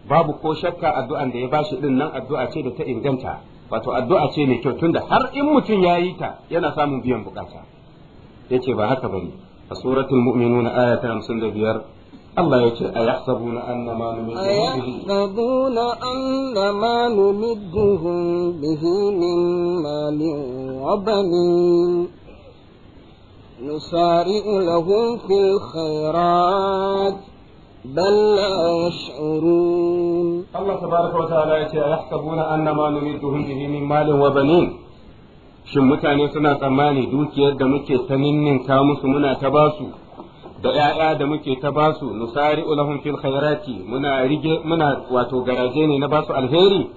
babu ko shakka addu'an da ya bashi din nan addu'a ce da ta inganta wato addu'a ce mai kyau tunda har in mutum ya yi ta yana samun biyan bukata yace ba haka bane a suratul mu'minuna ayata 55 Allah ya ce a yahsabuna anna ma yahsabuna anna ma numidduhum bihi min malin wa banin نسارع لهم في الخيرات بل لا يشعرون الله تبارك وتعالى يحسبون أن ما نريدهم به من مال وبنين shin mutane suna tsammani dukiyar da muke ta ninninka musu muna ta basu da ‘ya'ya da muke ta basu nusari ulahun fil khairati muna rige muna wato garaje ne na basu alheri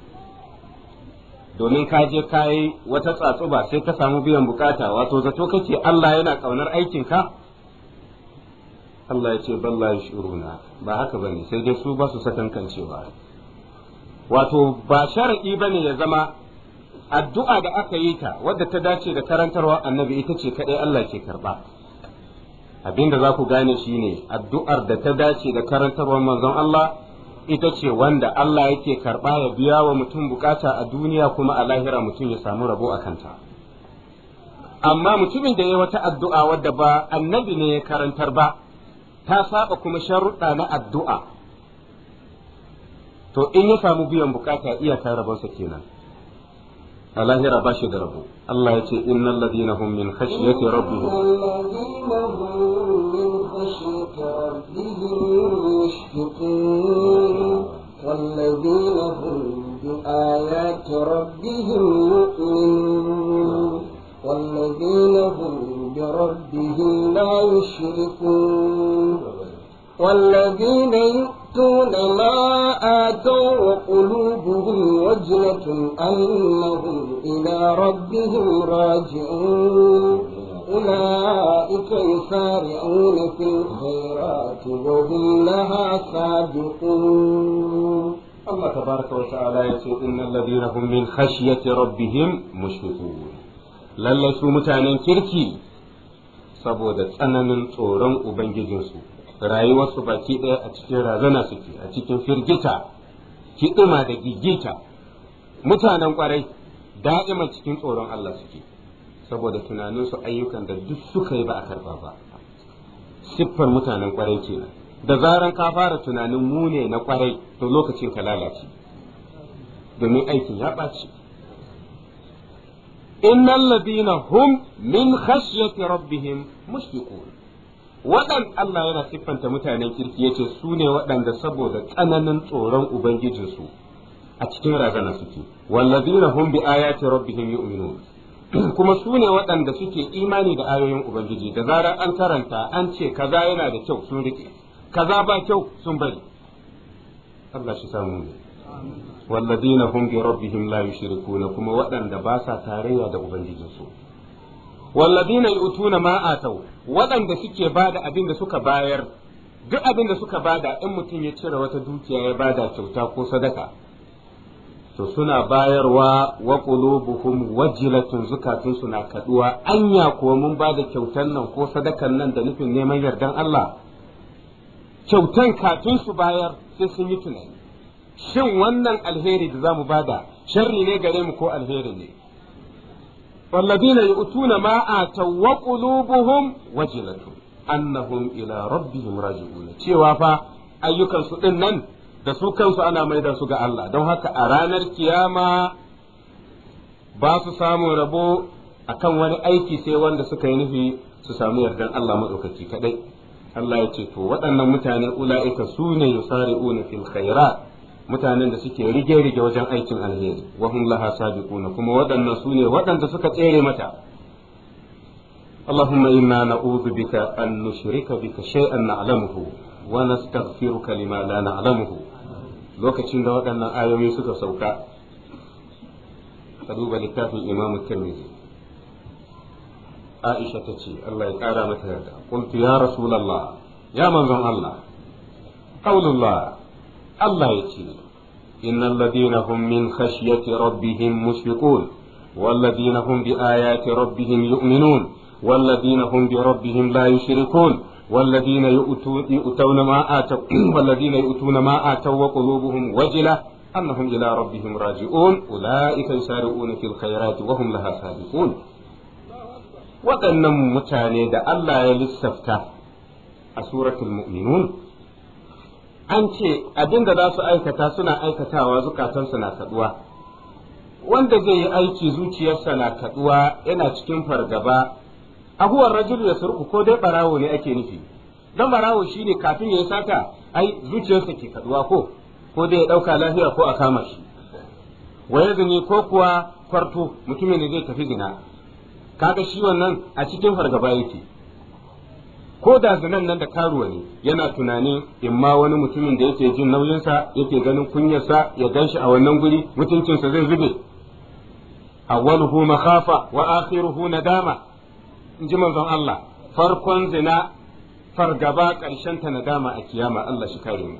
domin ka je ka yi wata tsatsuba sai ka samu biyan bukata wato zato kake Allah yana kaunar aikinka Allah ya ce balla na, ba haka bane sai dai su ba su wato ba shar'i bane ya zama addu'a da aka yi ta wadda ta dace da karantarwa annabi ita ce kadai Allah ke karba abinda za ku gane shine addu'ar da ta dace da karantarwar manzon Allah ita ce wanda Allah yake karba ya biya wa mutum bukata a duniya kuma a lahira mutum ya samu rabo a kanta amma mutumin da ya wata addu'a wadda ba annabi ne ya karantar ba ta saba kuma sharuɗa na addu'a to in ya samu biyan bukata iyaka rabonsa kenan a lahira ba shi da rabo Allah ya ce innal ladina hum min khashyati rabbihim والذين هم بآيات ربهم يؤمنون والذين هم بربه لا يشركون والذين يؤتون ما آتوا وقلوبهم وجلة أنهم إلى ربهم راجعون أولئك يسارعون في الخيرات وهم لها سابقون الله تبارك وتعالى يقول إن الذين هم من خشية ربهم مشفقون لن لسوا متانا كركي saboda tsananin tsoron ubangijinsu rayuwarsu baki ɗaya a cikin razana suke a cikin firgita kiɗima da gigita mutanen ƙwarai da'ima cikin tsoron Allah suke saboda tunaninsu ayyukan da duk suka yi ba a karba ba siffar mutanen ƙwarai kenan da zaran ka fara tunanin mu ne na ƙwarai to lokacin ka lalace domin aikin ya ɓaci Innan ladina hum min khashyati rabbihim mushfiqun wadan Allah yana siffanta mutanen kirki yace su ne waɗanda saboda tsananin tsoron ubangijinsu a cikin razana suke wallazina hum bi ayati rabbihim yu'minun kuma su ne waɗanda suke imani da ayoyin ubangiji da zarar an karanta an ce kaza yana da kyau sun rike kaza ba kyau sun bari Allah shi samu ne والذين هم بربهم لا يشركون كما ودان دا باسا تاريا دا ubangijinsu والذين يؤتون utuna آتوا waɗanda da suke bada abin da suka bayar duk abin da suka bada in mutum ya cire wata dukiya ya bada kyauta ko sadaka to suna bayarwa wa qulubuhum wajilatun kafin suna kaduwa anya kuwa mun bada kyautan nan ko sadakan nan da nufin neman yardan Allah kyautan kafin su bayar sai sun yi tunani shin wannan alheri da zamu bada sharri ne gare mu ko alheri ne walladina yu'tuna ma ataw wa qulubuhum wajilatun annahum ila rabbihim raji'un cewa fa ayyukan su din nan da su kansu ana maida su ga Allah don haka a ranar kiyama ba su samu rabo akan wani aiki sai wanda suka yi nufi su samu yardan Allah madaukaki kadai Allah ya ce to waɗannan mutane ula'ika su ne yusari'una fil khairat mutanen da suke rige-rige wajen aikin alheri wa hum laha sabiquna kuma waɗannan su ne waɗanda suka tsere mata اللهم إنا نعوذ بك أن نشرك بك شيئا نعلمه ونستغفرك لما لا نعلمه lokacin da waɗannan ayoyi suka sauka ka duba littafin imamu tirmidhi aisha ta ce Allah mata yarda qultu ya rasulallah ya manzon الله ya إن الذين هم من خشية ربهم مشفقون والذين هم بآيات ربهم يؤمنون والذين هم بربهم لا يشركون والذين يؤتون ما آتوا والذين يؤتون ما آتوا وقلوبهم وجلة أنهم إلى ربهم راجعون أولئك يسارعون في الخيرات وهم لها سابقون وكأنهم mutane da Allah ya lissafta a an ce abin da za su aikata suna aikatawa zukatansu na kaduwa wanda zai yi aiki zuciyarsa na kaduwa yana cikin fargaba ahuwar rajul ya surku ko dai barawo ne ake nufi dan barawo shi ne kafin ya sata ai zuciyarsa ke kaduwa ko ko dai ya dauka lafiya ko a kama shi wa zane ko kuwa kwarto mutumin da zai tafi zina kaga shi wannan a cikin fargaba yake ko da zinan nan da karuwa ne yana tunanin in ma wani mutumin da yake jin nauyinsa yake ganin kunyarsa ya ganshi a wannan guri mutuncinsa zai zube awwaluhu makhafa wa akhiruhu nadama in ji manzon Allah farkon zina fargaba ƙarshen ta nadama a kiyama Allah shi kare mu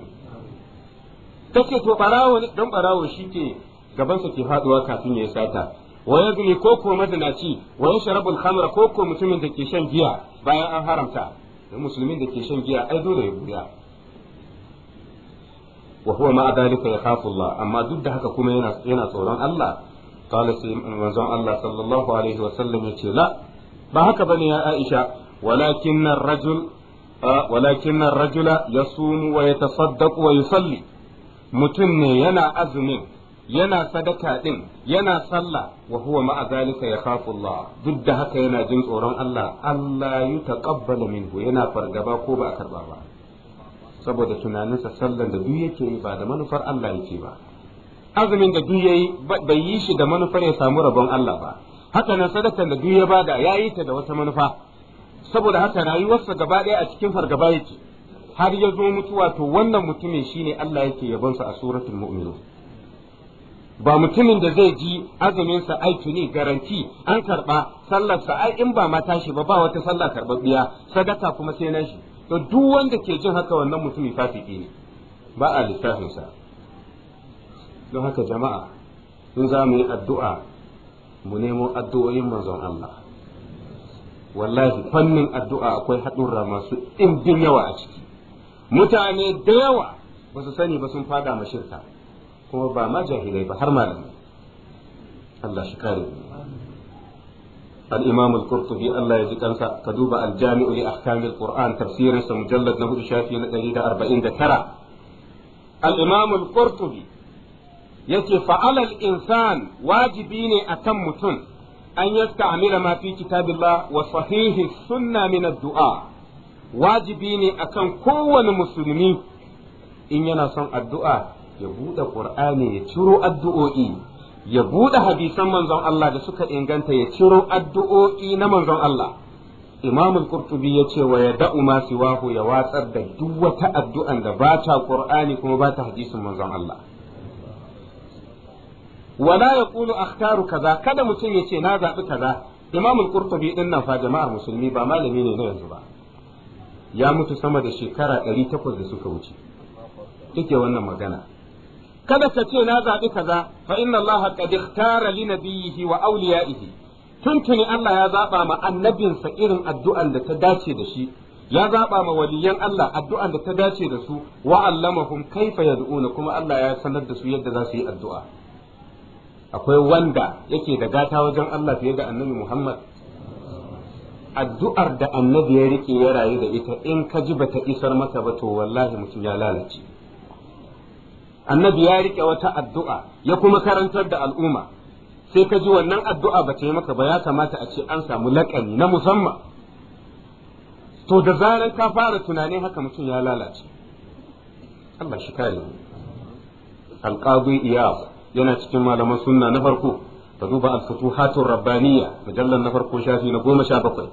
take to barawo dan barawo shike gabansa ke faduwa kafin ya sata wa zini ko ko sharabul wa yashrabul khamra ko ko mutumin da ke shan giya bayan an haramta don musulmin da ke shan giya ai dole ya buya wa huwa ma'a dalika ya khafullah amma duk da haka kuma yana yana tsoron Allah qala sai manzon Allah sallallahu alaihi wa sallam yace la ba haka bane ya Aisha walakin ar-rajul walakin ar-rajula yasumu wa yatasaddaqu wa yusalli mutum ne yana azumin yana sadaka din yana sallah wa huwa ma'a zalika Allah duk da haka yana jin tsoron Allah Allah yutaqabbalu minhu yana fargaba ko ba a karba ba saboda tunaninsa sallan da duk yake yi ba da manufar Allah yake ba azumin da duk yayi bai yi shi da manufar ya samu rabon Allah ba haka nan sadakan da duk ya bada yayi ta da wata manufa saboda haka rayuwarsa gaba ɗaya a cikin fargaba yake har ya zo mutuwa to wannan mutumin shine Allah yake yabonsa a suratul mu'minun ba mutumin da zai ji azumin sa ai tuni garanti an karba sallar sa ai in ba ma tashi ba ba wata sallah karbabbiya sadaka kuma sai na shi to duk wanda ke jin haka wannan mutumi fasiki ne ba a lissafin don haka jama'a in za mu yi addu'a mu nemo addu'o'in manzon Allah wallahi fannin addu'a akwai haɗurra masu ɗimbin yawa a ciki mutane da yawa ba su sani ba sun fada mashirka shirka kuma ba ma jahilai ba har malami Allah shi kare al-imam al-qurtubi Allah ya ji kansa ka duba al-jami'u li ahkam al-qur'an tafsirin sa mujallad na hudu shafi na 149 al-imam al-qurtubi yace fa alal insan wajibi ne akan mutum an yasta'mila ma fi kitabillah wa sahihi sunna min ad-du'a wajibi ne akan kowane musulmi in yana son addu'a ya buɗe ƙur'ani ya ciro addu'o'i ya buɗe hadisan manzon Allah da suka inganta ya ciro addu'o'i na manzon Allah imamul al-Qurtubi ya ce wa ya da'u masu wahu ya watsar da duk wata addu'an da ba ta Qur'ani kuma ba ta hadisin manzon Allah wala kulu akhtaru kaza kada mutum ya ce na zaɓi kaza imamul al-Qurtubi din nan fa jama'ar musulmi ba malami ne na yanzu ba ya mutu sama da shekara 800 da suka wuce take wannan magana kada ka ce na zaɓi kaza fa inna Allah qad ikhtara li nabiyhi wa awliyaihi tuntuni Allah ya zaɓa ma annabinsa irin addu'an da ta dace da shi ya zaɓa ma waliyan Allah addu'an da ta dace da su wa allamahum kaifa yad'una kuma Allah ya sanar da su yadda za su yi addu'a akwai wanda yake da gata wajen Allah fiye da annabi Muhammad addu'ar da annabi ya rike ya rayu da ita in ka ji bata isar masa ba to wallahi mutum ya lalace annabi ya rike wata addu'a ya kuma karantar da al'umma sai ka ji wannan addu'a ba ta yi maka ba ya kamata a ce an samu laƙani na musamman to da zarar ka fara tunani haka mutum ya lalace Allah shi kare alƙadu iyaf yana cikin malaman sunna na farko ka duba al-futuhatur rabbaniyya mujallar na farko shafi na goma sha bakwai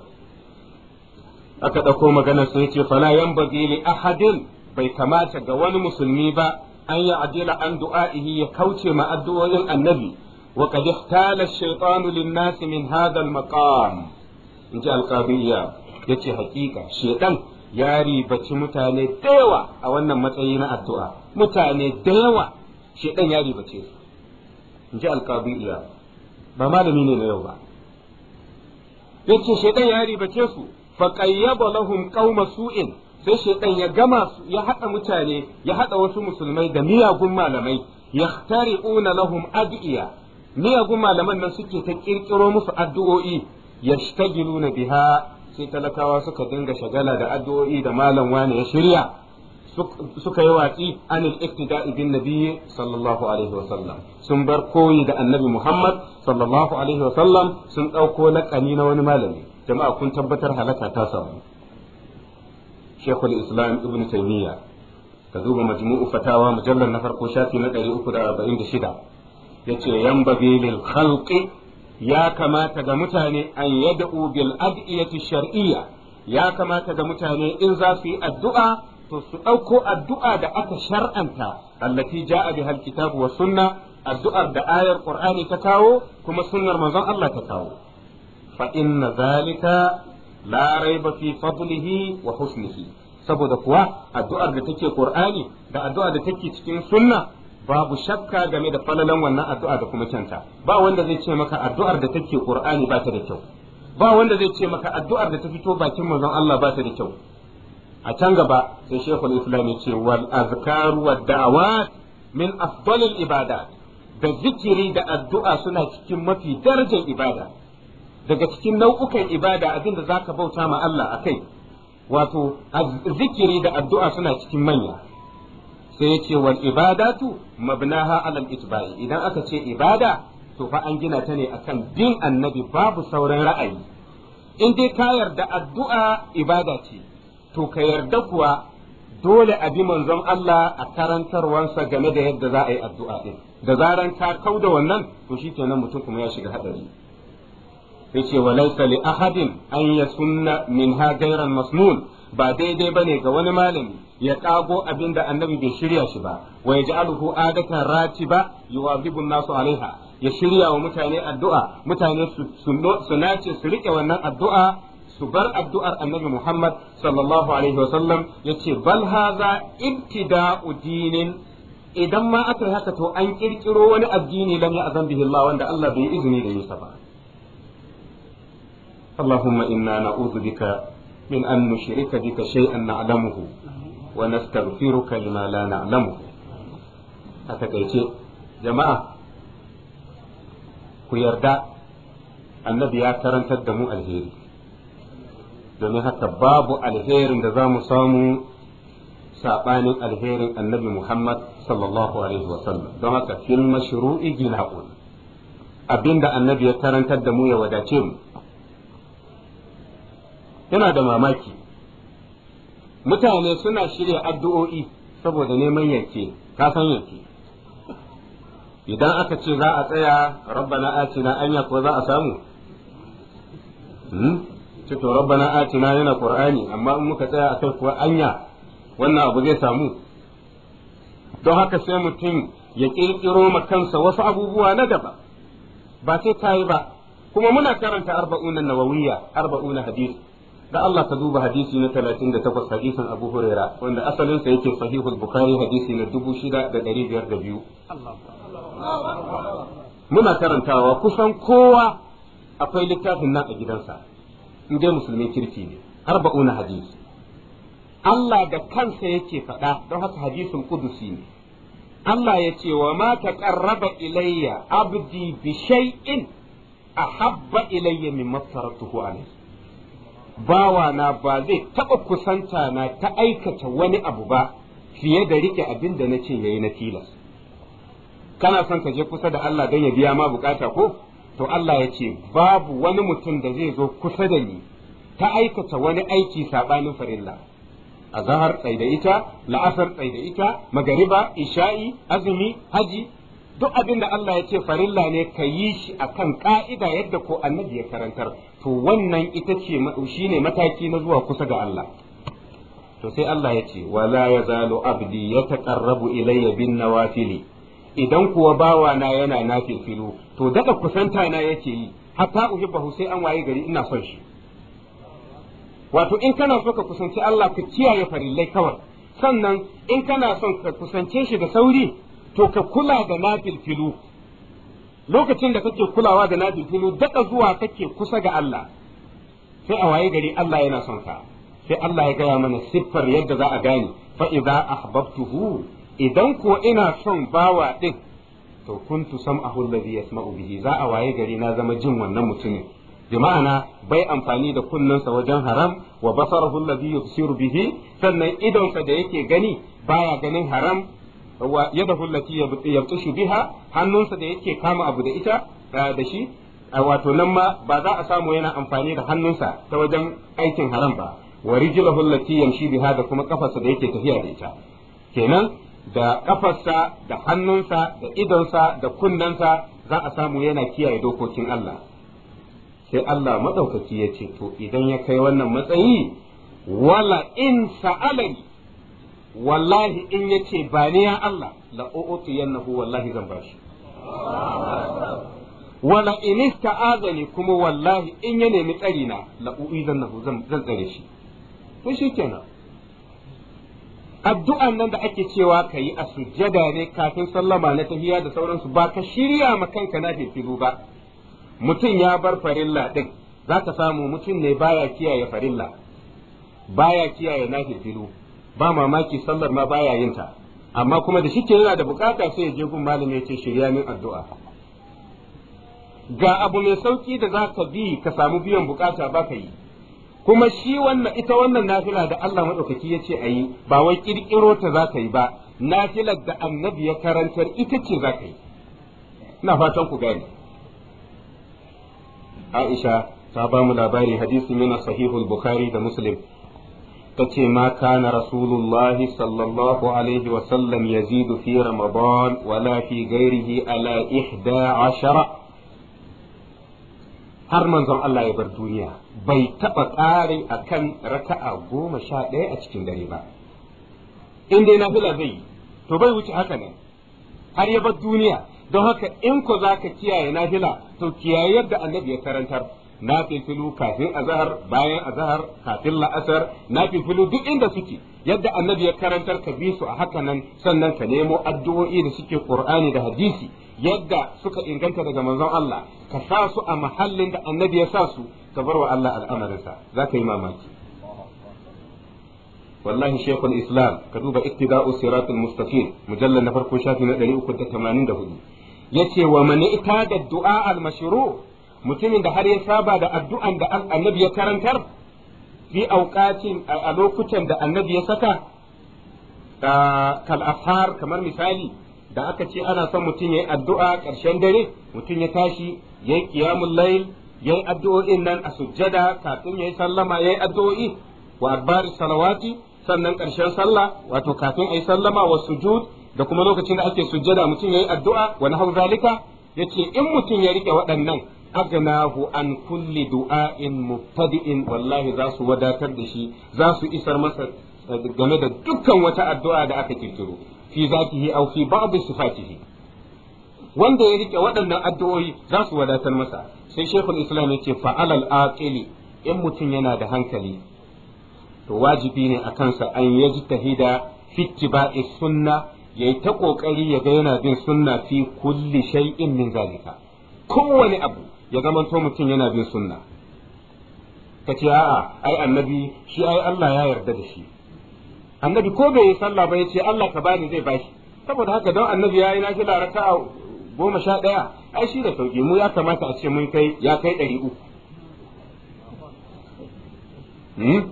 aka ɗauko maganar sai ce fala yan li ahadin bai kamata ga wani musulmi ba an ya'jila an du'a'ihi ya kauce ma addu'o'in annabi wa qad ihtala ash-shaytanu lin-nas min hadha al-maqam inji al-qadiyya hakika shedan ya ribaci mutane da a wannan matsayi na addu'a mutane da yawa ya ribace su inji al ba malami ne na yau ba yace shedan ya ribace su fa qayyaba lahum sai shaidan ya gama ya haɗa mutane ya haɗa wasu musulmai da miyagun malamai yahtari'una lahum addu'iya miyagun malaman nan suke ta ƙirƙiro musu addu'o'i na biha sai talakawa suka dinga shagala da addu'o'i da malam wani ya shirya suka yi watsi anil iktida'i bin nabiyyi sallallahu alaihi wa sallam sun bar koyi da annabi Muhammad sallallahu alaihi wa sallam sun ɗauko laƙani na wani malami jama'a kun tabbatar halaka ta samu shekul islam ibn taymiya ka duba majmu'u fatawa mujallar na farko shafi na 346 yace yanbaghi lil khalqi ya kamata ga mutane an yad'u ubil ad'iyati shar'iyya ya kamata ga mutane in za su yi addu'a to su ɗauko addu'a da aka shar'anta allati ja'a biha alkitabu wa sunna addu'ar da ayar ƙur'ani ta kawo kuma sunnar manzon Allah ta kawo fa inna zalika la raiba fi fadlihi wa husnihi saboda kuwa addu'ar da take qur'ani da addu'a da take cikin sunna babu shakka game da falalan wannan addu'a da kuma kyanta ba wanda zai ce maka addu'ar da take qur'ani ba ta da kyau ba wanda zai ce maka addu'ar da ta fito bakin manzon Allah ba ta da kyau a can gaba sai shekul islam ya ce wal azkaru wa da'awat min afdalil ibada da zikiri da addu'a suna cikin mafi darajar ibada daga cikin nau'ukan ibada abin da zaka bauta ma Allah a kai, wato zikiri da addu'a suna cikin manya sai ya ce wal ibadatu mabnaha alal itba'i idan aka ce ibada to fa an gina ta ne akan bin annabi babu sauran ra'ayi in dai ka yarda addu'a ibada ce to ka yarda kuwa dole a bi manzon Allah a karantarwansa game da yadda za a yi addu'a din da zaran ka kauda wannan to shikenan mutum kuma ya shiga hadari yace wa laysa li ahadin an min ha ghayran masnun ba daidai bane ga wani malami ya kago abin da annabi bai shirya shi ba wa ya ja'aluhu adatan ba yuwazibu nasu alaiha ya shirya wa mutane addu'a mutane su nace su rike wannan addu'a su bar addu'ar annabi Muhammad sallallahu alaihi wa sallam yace bal haza ibtida'u dinin idan ma aka haka to an kirkiro wani addini lam ya azan bihi Allah wanda Allah bai izini da yinsa ba اللهم إنا نعوذ بك من أن نشرك بك شيئا نعلمه ونستغفرك لما لا نعلمه أتكيتي جماعة ku yarda annabi ya karantar da mu alheri domin haka babu alherin da za mu samu saɓanin alherin annabi Muhammad sallallahu alaihi wasallam don haka fil mashru'i gina'un abinda annabi ya karantar da mu ya wadace mu yana da mamaki mutane suna shirya addu'o'i saboda neman yanke ka san yanke idan aka ce za a tsaya rabbana atina anya ko za a samu hmm? to rabbana atina yana ƙur'ani, amma in muka tsaya kai kuwa anya wannan abu zai samu don haka sai mutum ya kirkiro ma kansa wasu abubuwa na daba ba sai tayi ba kuma muna karanta arba'una nawawiyya arba'una hadisi da Allah ka duba hadisi na 38 hadisin Abu Huraira wanda asalin sa yake sahihul Bukhari hadisi na 6502 muna karantawa kusan kowa akwai littafin nan a gidansa in dai musulmin kirki ne har hadisi Allah da kansa yake faɗa don haka hadisin kudusi ne Allah ya ce wa ma taqarraba ilayya abdi bi shay'in ahabba ilayya mimma faratuhu alayhi na ba zai taɓa kusanta na ta aikata wani abu ba fiye da rike abin da na ce yi na tilas kana son ka je kusa da Allah dan ya biya ma bukata ko to Allah ya ce babu wani mutum da zai zo kusa da ni ta aikata wani aiki sabanin farilla a zahar tsai da ita la'asar tsai da ita magariba isha'i azumi haji duk abin da Allah ya ce farilla ne ka yi shi akan ka'ida yadda ko annabi ya karantar to wannan ita ce shi ne mataki na zuwa kusa ga Allah to sai Allah ya ce wala zalo abdi ya taqarrabu ilayya bin nawafili idan kuwa bawa na yana nafilu to daga kusanta na yake yi hatta uhibbahu sai an waye gari ina son shi wato in kana so ka kusanci Allah ka kiyaye farillai kawai sannan in kana son ka kusance shi da sauri to ka kula da nafilfilu lokacin da kake kulawa da nafilu daga zuwa kake kusa ga Allah sai a waye gari Allah yana son ka sai Allah ya gaya mana siffar yadda za a gane fa idza ahbabtuhu idan ko ina son bawa din to kuntu sam'ahu alladhi yasma'u bihi za a waye gari na zama jin wannan mutumin bi ma'ana bai amfani da kunnensa wajen haram wa basarahu alladhi yubsiru bihi sannan idonsa da yake gani baya ganin haram wa yadahu allati yabtashu biha hannunsa da yake kama abu da ita da shi wato nan ma ba za a samu yana amfani da hannunsa ta wajen aikin haram ba wa rijluhu allati yamshi biha da kuma kafarsa da yake tafiya da ita kenan da kafarsa da hannunsa da idonsa da kunnensa za a samu yana kiyaye dokokin Allah sai Allah madaukaki ya ce to idan ya kai wannan matsayi wala in sa'alani wallahi in yace ba ne ya Allah la u'tiyannahu wallahi zan shi. wala in ista'azani kuma wallahi in ya nemi tsari na la u'izannahu zan zan tsare shi to kenan addu'an nan da ake cewa ka yi a sujjada ne kafin sallama na tafiya da sauransu ba ka shirya ma kanka na filu ba mutum ya bar farilla din za ka samu mutum ne baya kiyaye farilla baya kiyaye na filu ba mamaki sallar ma baya yin ta amma kuma da shike yana da bukata sai ya je gun malami ya ce shirya min addu'a ga abu mai sauki da za ka bi ka samu biyan bukata ba ka yi kuma shi wannan ita wannan nafila da Allah madaukaki ya ce a yi ba wai kirkiro ta za ka yi ba nafilar da annabi ya karantar ita ce za ka yi ina fatan ku gane Aisha ta ba mu labari hadisi mina sahihul Bukhari da Muslim تتي ما كان رسول الله صلى الله عليه ya zidu في رمضان wala fi غيره ala إحدى عشر har manzon Allah ya bar duniya bai taɓa ƙare a kan raka'a goma sha ɗaya a cikin dare ba in dai na fila zai to bai wuce haka nan har ya bar duniya don haka in ko za ka kiyaye na fila to kiyaye yadda annabi ya karantar na filu kafin azahar bayan azahar kafin la'asar na filu duk inda suke yadda annabi ya karantar ka bi su a haka nan sannan ka nemo addu'o'i da suke qur'ani da hadisi yadda suka inganta daga manzon Allah ka sa su a mahallin da annabi ya sa su ka bar wa Allah al'amarinsa za ka yi mamaki wallahi shekul islam ka duba ittida'u siratul mustaqim mujallal na farko shafi na 384 yace wa man da du'a al mashru' mutumin da har ya saba da addu'an da annabi ya karantar fi auqatin a lokutan da annabi ya saka kalafar kamar misali da aka ce ana son mutum ya yi addu'a ƙarshen dare mutum ya tashi ya yi ya yi addu'o'in nan a sujjada kafin ya yi sallama ya yi addu'o'i wa adbari salawati sannan ƙarshen sallah wato kafin a yi sallama wa sujud da kuma lokacin da ake sujjada mutum ya yi addu'a wani nahwu zalika ce in mutum ya riƙe waɗannan agnahu an kulli du'ain mubtadi'in wallahi za su wadatar da shi za su isar masa eh, game da dukkan wata addu'a da aka kirkiro fi zatihi aw fi wanda ya rike waɗannan addu'o'i za su wadatar masa sai shekul islam ce fa'alal aqili in mutum yana da hankali to wajibi ne a kansa an yaji tahida fittiba'i sunna yayi ta ƙoƙari ya ga yana bin sunna fi kulli shay'in min zalika kowane abu ya zamanto mutum yana bin sunna ka ce a'a ai annabi shi ai Allah ya yarda da shi annabi ko bai yi sallah ba ya ce Allah ka bani zai bashi saboda haka don annabi ya yi na kila raka'a goma sha ɗaya ai shi da sauki mu ya kamata a ce mun kai ya kai ɗari uku hmm?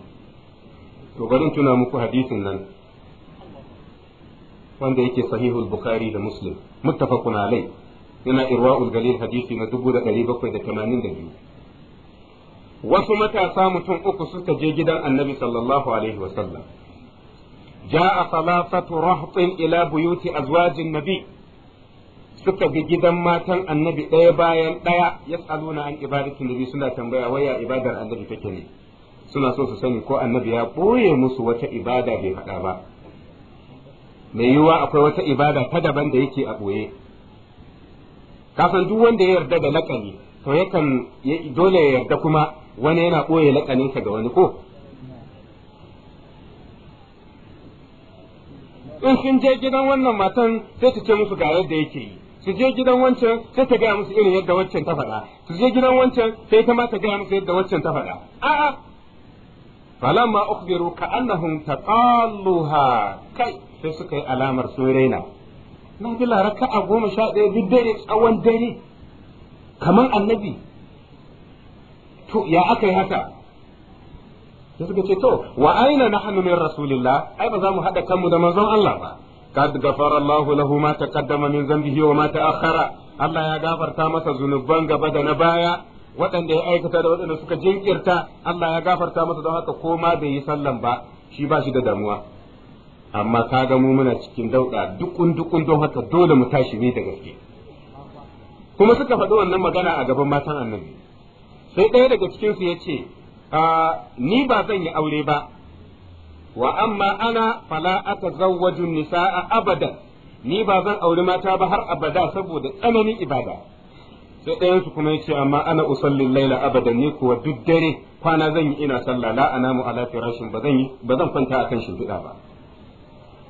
to garin tuna muku hadisin nan wanda yake sahihul bukhari da muslim muttafaqun alai yana irwa'ul galil hadisi na biyu. wasu matasa mutum uku suka je gidan annabi sallallahu alaihi a falafatu ثلاثة Ila Buyuti a أزواج Nabi. suka bi gidan matan annabi ɗaya bayan ɗaya ya tsaluna an ibadatin nabi suna tambaya waya ibadar annabi take ne suna so su sani ko annabi ya ɓoye musu wata ibada bai faɗa ba mai yiwuwa akwai wata ibada ta daban da yake a ɓoye ka san duk wanda ya yarda da lakani to yakan dole ya yarda kuma wani yana ɓoye lakaninsa ga wani ko in sun je gidan wannan matan sai ta ce musu ga yadda yake yi su je gidan wancan sai ta gaya musu irin yadda waccan ta faɗa su je gidan wancan sai ta ma ta gaya musu yadda waccan ta faɗa a'a falamma ukhbiru ka annahum taqalluha kai sai suka yi alamar sun raina na Laraka, raka'a goma sha ɗaya duk dare tsawon dare kamar annabi to ya aka yi haka sai suka ce to wa aina nahnu min rasulillah ai ba za mu hada kanmu da manzon Allah ba kad gafara Allahu lahu ma taqaddama min zambihi wa ma Allah ya gafarta masa zunuban gaba da na baya waɗanda ya aikata da waɗanda suka jinkirta Allah ya gafarta masa don haka ma bai yi sallan ba shi ba shi da damuwa amma ka ga mu muna cikin dauɗa dukun dukun don haka dole mu tashi ne da gaske kuma suka faɗi wannan magana a gaban matan annabi sai ɗaya daga cikin su yace ni ba zan yi aure ba wa amma ana fala aka nisa nisaa abada ni ba zan aure mata ba har abada saboda tsananin ibada sai ɗayan su kuma yace amma ana usallin laila abada ni kuwa duk dare kwana zan yi ina sallah la anamu ala firashin ba zan kwanta akan shimfiɗa ba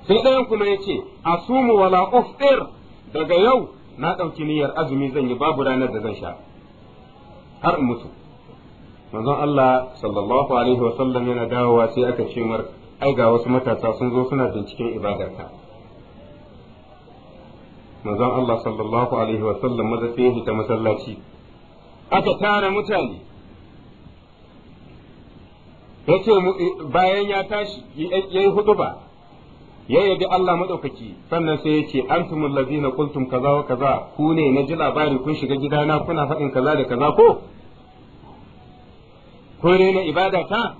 sai ɗayan kuma ya ce asumu wala uftir daga yau na ɗauki niyyar azumi zan yi babu ranar da zan sha har in mutu manzon Allah sallallahu alaihi wasallam yana dawowa sai aka ce mar ai ga wasu matasa sun zo suna binciken ibadarka manzon Allah sallallahu alaihi wasallam maza sai ya masallaci aka tara mutane yace bayan ya tashi yayi hutuba ya yabi Allah madaukaki sannan sai yace antumul ladina qultum kaza wa kaza ku ne na ji labari kun shiga gidana kuna faɗin kaza da kaza ko ko ne na ibada ta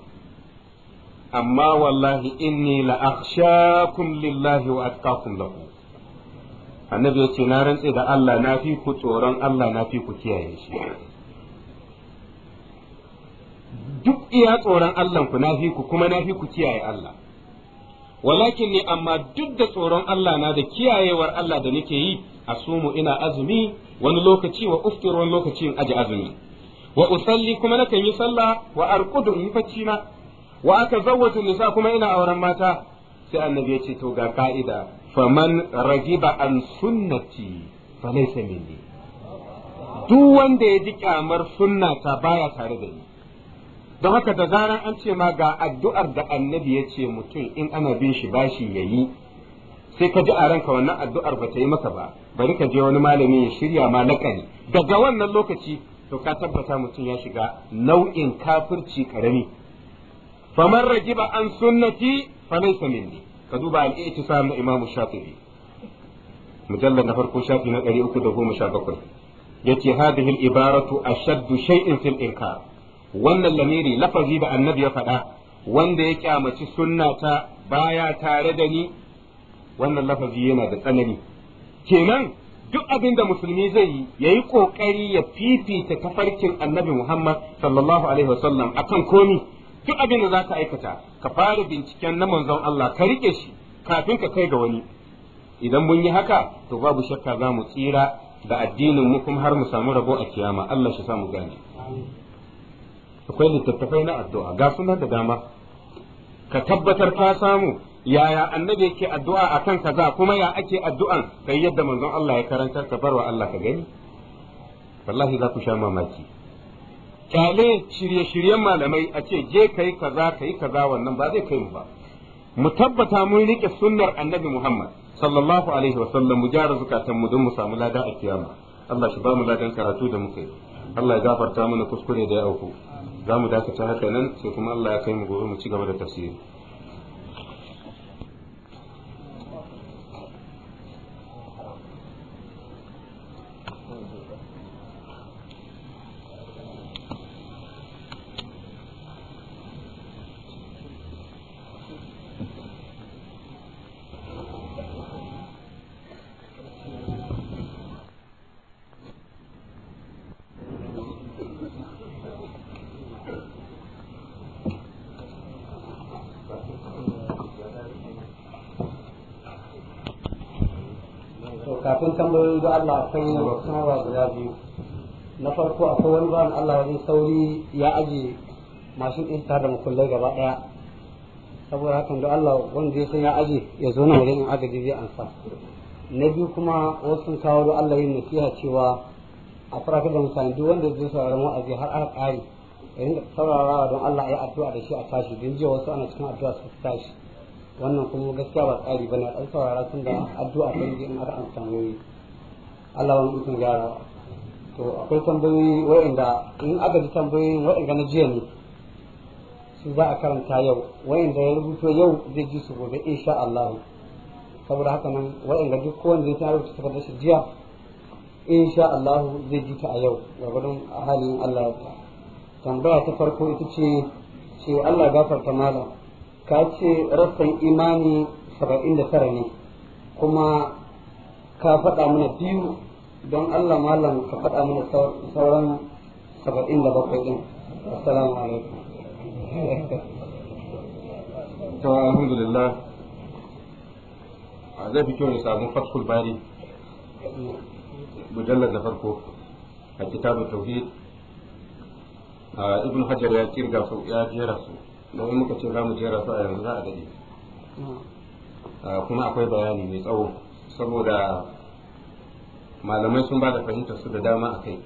amma wallahi inni la akhshakum lillahi wa atqakum lahu annabi yace na rantse da Allah na fi ku tsoron Allah na fi ku kiyaye shi duk iya tsoron Allah ku na fi ku kuma na fi ku kiyaye Allah walakin ne amma duk da tsoron Allah na da kiyayewar Allah da nake yi asumu ina azumi wani lokaci wa uftiru wani lokaci in aji azumi wa usalli kuma nakan yi sallah wa arqudu in bacci na wa atazawwaju nisa kuma ina auren mata sai annabi ya ce to ga ka'ida faman ragiba an sunnati falaysa minni duk wanda ya ji kyamar sunnata baya tare da ni don haka da zarar an ce ma ga addu'ar da annabi ya ce mutum in ana bin shi ba shi ya yi sai ka ji a ranka wannan addu'ar ba ta yi maka ba bari ka je wani malami ya shirya ma ƙari daga wannan lokaci to ka tabbata mutum ya shiga nau'in kafirci karami faman ba an sunnati fa laysa ne ka duba al-i'tisam na imamu shafi'i mujallar na farko shafi na ibaratu shay'in fil inkar wannan lamiri lafazi da annabi ya faɗa wanda ya kyamaci ta baya tare da ni wannan lafazi yana da tsanani kenan duk abin da musulmi zai yi ya yi ƙoƙari ya fifita tafarkin annabi Muhammad sallallahu alaihi wasallam kan komi duk abin da za ka aikata ka fara binciken na manzon Allah ka riƙe shi kafin ka kai ga wani idan mun yi haka to babu shakka za mu tsira da addinin mu kuma har mu samu rabo a kiyama Allah shi samu gane akwai littattafai na addu'a ga sunan da dama ka tabbatar ka samu yaya annabi yake addu'a akan kaza kuma ya ake addu'an kai yadda manzon Allah ya karantar ka barwa Allah ka gani wallahi za ku sha mamaki kyale shirye-shiryen malamai a ce je kai kaza kai kaza wannan ba zai kai mu ba mu tabbata mun rike sunnar annabi Muhammad sallallahu alaihi wa sallam mu gyara zukatan mu don mu samu lada a kiyama Allah shi ba mu ladan karatu da muke yi Allah ya gafarta mana kuskure da ya auku za mu dakata haka nan sai kuma Allah ya kai mu gobe mu ci gaba da tafsiri kafin tambayoyi da Allah akwai sanarwa guda biyu na farko akwai wani bayan Allah wajen sauri ya aje mashin ɗin da makullai gaba ɗaya saboda hakan da Allah wanda ya san ya aje ya zo na wajen agaji zai ansa na biyu kuma wasu kawo da Allah yin nasiha cewa a farafin da mutane duk wanda zai sauraron wa'azi har aka ƙari ya rinka saurarawa don Allah ya addu'a da shi a tashi don jiya wasu ana cikin addu'a su tashi wannan kuma gaskiya ba tsari bane an saurara sun da addu'a ta yi in an samu Allah wani ikon gyara to akwai tambayoyi wa'inda in aka ji tambayoyin wa'inda na jiya ne su za a karanta yau wa'inda ya rubuto yau zai ji su gobe insha Allah saboda haka nan wa'inda duk kowanne ya rubuta takardar shi jiya insha Allah zai ji ta a yau gwargwadon halin Allah tambaya ta farko ita ce ce Allah gafarta malam ka ce rassan imani saba'in da tara ne kuma ka faɗa mana biyu don Allah malam ka faɗa mana sauran saba'in da bakwai ɗin assalamu alaikum to alhamdulillah a zai fi kyau ne samun fatkul bari mujallar da farko a kitabun tauhid ibn hajar ya kirga su ya jera su don in muka ce za mu jera su a yanzu za a hmm. ah, kuma akwai bayani mai tsawo saboda malamai sun ba da fahimtar su da dama a kai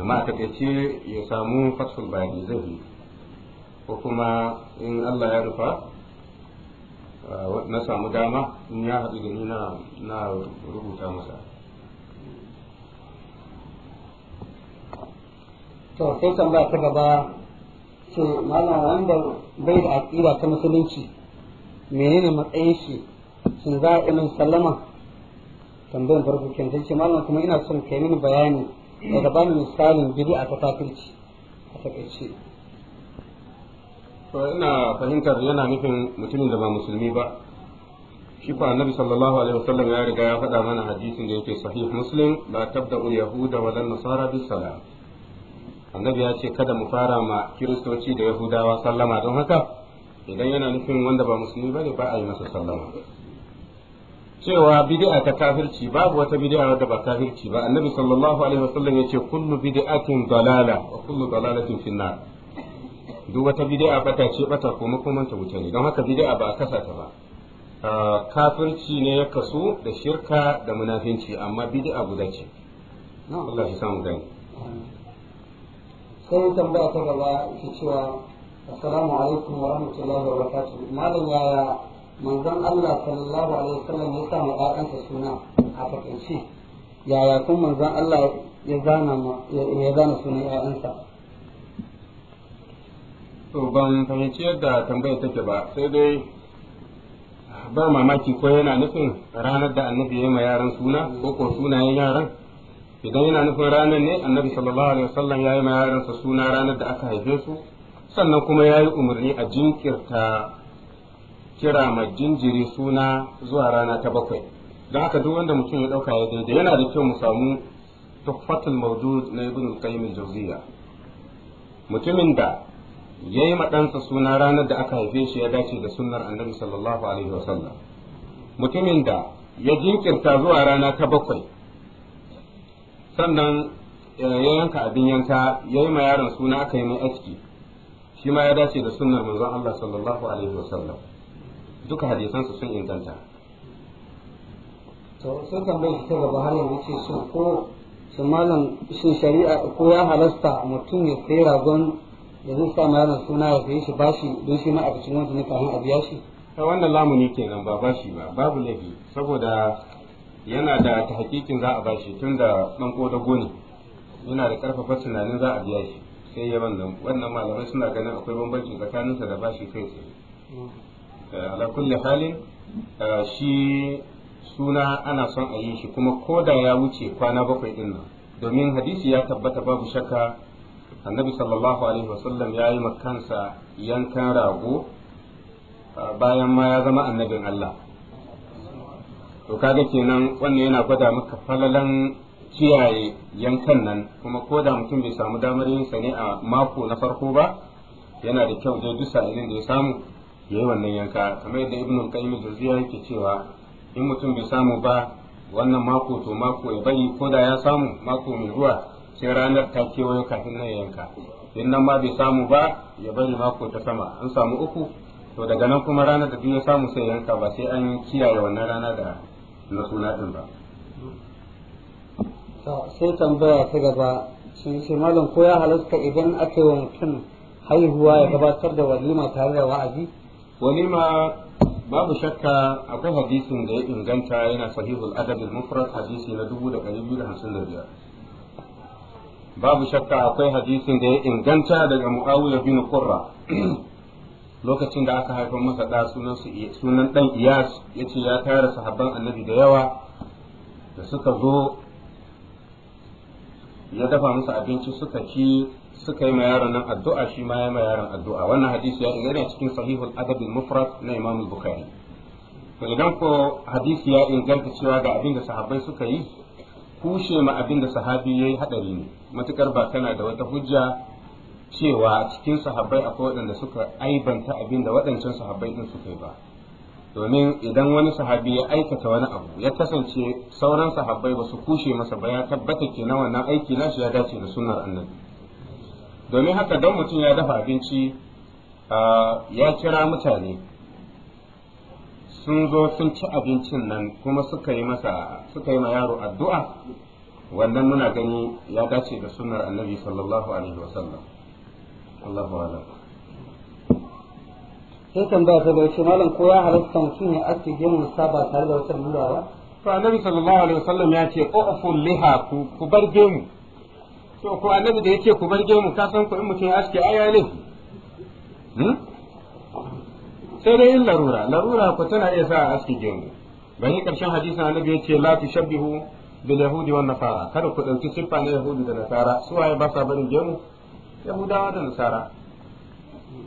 amma a takaice ya samu fathul bayani zai yi ko kuma in Allah ya rufa ah, na samu dama in ya haɗu da ni na rubuta masa to sai tambaya ta gaba ce malam wanda bai da aƙida ta musulunci menene matsayin shi shin za a min sallama tambayan farko kenan sai ce malam kuma ina son kai mini bayani daga bani misalin bid'a ta kafirci a takaice to ina fahimtar yana nufin mutumin da ba musulmi ba shi fa annabi sallallahu alaihi wasallam ya riga ya faɗa mana hadisin da yake sahih muslim la tabda'u yahuda wa lan nasara bis salam annabi ya ce kada mu fara ma kiristoci da yahudawa sallama don haka idan yana nufin wanda ba musulmi bane ba a yi masa sallama cewa bid'a ta kafirci babu wata bid'a wadda ba kafirci ba annabi sallallahu alaihi wasallam ce kullu bid'atin dalala wa kullu dalalatin finnar duk wata bid'a bata ce bata kuma kuma ta wuce ne don haka bid'a ba a kasa ta ba ah, kafirci ne ya kasu da shirka da munafinci amma bid'a guda ce na Allah ya samu gani sai tambaya ta gaba ke cewa assalamu alaikum wa rahmatullahi wa barakatuh malam yaya manzon Allah sallallahu alaihi wasallam ya sa ma'akansa suna a fakance yaya kun manzon Allah ya zana ya zana sunan ƴaƴansa to ban fahimci yadda tambayar take ba sai dai ba mamaki ko yana nufin ranar da annabi ya yi ma yaran suna ko ko sunayen yaran idan yana nufin ranar ne annabi sallallahu alaihi wasallam ya yi ma yaransa suna ranar da aka haife su sannan kuma ya yi umarni a jinkirta kira ma jinjiri suna zuwa rana ta bakwai don haka duk wanda mutum ya dauka ya daidai yana da kyau mu samu tuhfatul mawjud na ibn qayyim al-jawziya mutumin da yayi ma ɗansa suna ranar da aka haife shi ya dace da sunnar annabi sallallahu alaihi wasallam mutumin da ya jinkirta zuwa rana ta bakwai sannan eh, ya yanka abin yanka ya yi ma yaron suna aka yi mai aski shi ma ya dace da sunnar manzon Allah sallallahu alaihi wasallam duka hadisansu sun inganta to sai tambayar ta gaba har yanzu ce shin ko shin malam shin shari'a ko ya halasta mutum ya sayi ragon da zai sa ma yaron suna ya sayi shi bashi don shi ma abincin wanda ne kafin a biya shi wannan lamuni kenan ba bashi ba babu laifi saboda yana da hakikin za a tun da ɗan kodago ne yana da karfafa tunanin za a biya shi sai ya wannan wannan malamai suna ganin akwai bambanci tsakaninsa da bashi kai tsaye eh, ala kulli halin eh, shi suna ana son a yi shi kuma ko da ya wuce kwana bakwai din nan domin hadisi ya tabbata babu shakka annabi sallallahu alaihi wasallam ya yi makansa yankan rago eh, bayan ma ya zama annabin Allah to kaga kenan wannan yana gwada maka falalan kiyaye yankan nan kuma ko da mutum bai samu damar yin sa ne a mako na farko ba yana da kyau dai dusa sa'ilin da ya samu ya yi wannan yanka kamar yadda ibnu qayyim jawziya yake cewa in mutum bai samu ba wannan mako to mako ya bari ko da ya samu mako mai zuwa sai ranar ta kewayo kafin nan yanka in nan ma bai samu ba ya bari mako ta sama an samu uku to daga nan kuma ranar da biyu ya samu sai yanka ba sai an kiyaye wannan rana da na suna ɗin ba sai tambaya ta gaba shi shi malam ko ya halasta idan aka yi mutum haihuwa ya gabatar da walima tare da wa'azi walima babu shakka akwai hadisin da ya inganta yana sahihul adadin al-mufrad hadisi na biyar. babu shakka akwai hadisin da ya inganta daga muawiya bin kurra lokacin da aka haifar masa ɗa sunan ɗan iyas ya ce ya tara sahabban annabi da yawa da suka zo ya dafa musu abinci suka ci suka yi ma yaron nan addu'a shi ma ya ma yaron addu'a wannan hadisi ya a cikin sahihul adabul mufrad na imam bukhari to idan ko hadisi ya inganta cewa ga abin da sahabbai suka yi kushe ma abin da sahabi ya yi hadari ne matukar ba kana da wata hujja cewa cikin sahabbai akwai waɗanda suka aibanta abin da waɗancan sahabbai ɗin suka yi ba domin idan wani sahabi ya aikata wani abu ya kasance sauran sahabbai ba su kushe masa ba ya tabbata ke na wannan aiki na shi ya dace da sunnar annabi domin haka don mutum ya dafa abinci ya kira mutane sun zo sun ci abincin nan kuma suka yi yi ma yaro addu'a wannan muna gani ya dace da sunnar annabi sallallahu alaihi wasallam Allah ba'ala sai tambaya ta bai ce malam ko ya halatta mutum ya ake gemun sa ba tare da wata lura ba to annabi sallallahu alaihi wasallam ya ce qaful liha ku ku bar gemu to ko annabi da ce ku bar gemu ka san ku in mutum ya aske aya ne hmm? sai dai yin larura larura ku tana iya sa aske gemu bani karshen hadisin annabi ce la tushabbihu bil yahudi wan nasara kada ku dauki siffa na yahudi da nasara su waye ba sa barin gemu yahudawa da nasara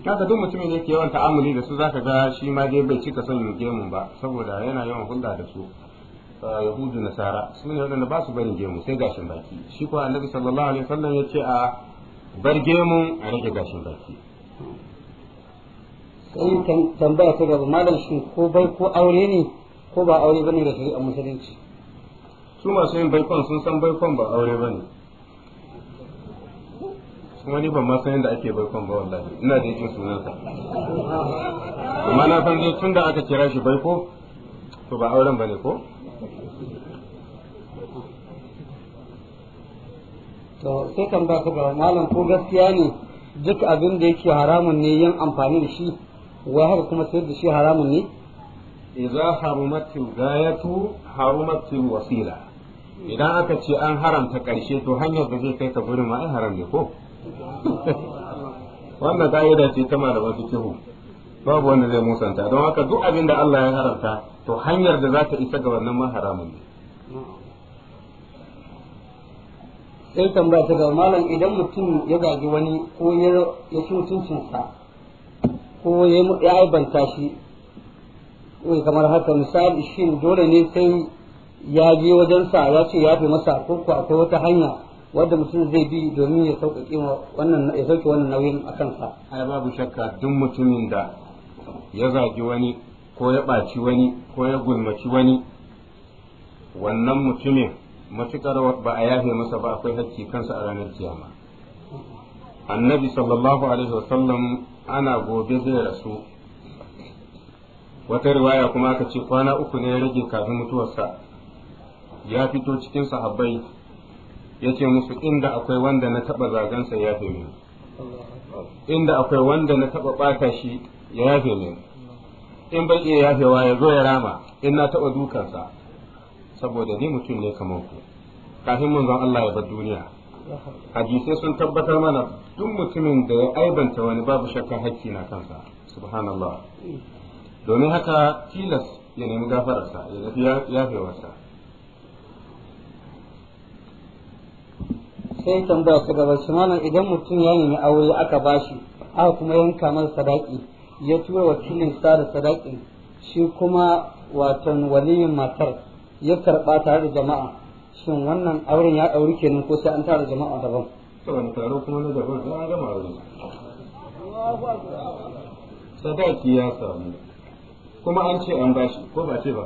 kaga duk mutumin da yake yawan ta'amuli da su zaka ga shi ma dai bai cika son yin gemun ba saboda yana yawan hulɗa da su eh, yahudu nasara su ne wadanda ba su barin gemu sai gashin baki shi kuwa annabi sallallahu alaihi wasallam ya ce a bar gemun a rage gashin baki sai tambaya ta gaba malam shi ko bai ko aure ne ko ba aure bane da shari'a musulunci su masu yin baikon sun san baikon ba aure bane kuma ni ban ma san yadda ake baikon ba wallahi ina da yake sunansa amma na san dai tun da aka kira shi baiko to ba auren bane ko to sai kan ba ka ba malam ko gaskiya ne duk abin da yake haramun ne yin amfani da shi wa haka kuma sai da shi haramun ne idza harumatil gayatu harumatil wasila idan aka ce an haramta ƙarshe to hanyar da zai kai ka gurin ma ai haram ne ko wannan ka'ida ce ta malaman fikihu babu wanda zai musanta don haka duk abin da Allah ya haramta to hanyar da za ta isa ga wannan ma haramun ne sai tambaya ta ga malam idan mutum ya gaji wani ko ya ci mutuncinsa ko ya aibanta shi kamar haka misali shin dole ne sai ya je wajensa ya ce ya fi masa ko ta wata hanya wanda mutum zai bi domin ya sauƙaƙe wannan ya sauke wannan nauyin a kansa ai babu shakka duk mutumin da ya zagi wani ko ya ɓaci wani ko ya gulmaci wani wannan mutumin matuƙar ba a yafe masa ba akwai hakki kansa a ranar kiyama annabi sallallahu alaihi wasallam ana gobe zai rasu wata riwaya kuma aka ce kwana uku ne ya rage kafin mutuwarsa ya fito cikin sahabbai ya ce musu inda akwai wanda na taɓa zagansa ya yafe ne inda akwai wanda na taɓa ɓata shi ya yafe ne in bai iya yafewa ya zo ya rama in na taɓa dukansa saboda ni mutum ne kamar ku kafin manzon Allah ya bar duniya hadisai sun tabbatar mana duk mutumin da ya aibanta wani babu shakkan hakki na kansa subhanallah domin haka tilas ya nemi gafararsa ya nafi yafewarsa sai tambaya ta gaba shi mana idan mutum ya nemi aure aka bashi aka kuma yanka masa sadaki ya tura wakilin sa da sadakin shi kuma watan waliyin matar ya karba tare da jama'a shin wannan auren ya dauri kenan ko sai an tara jama'a daban to wani taro kuma na daban sai an gama aure sadaki ya samu kuma an ce an bashi ko ba ce ba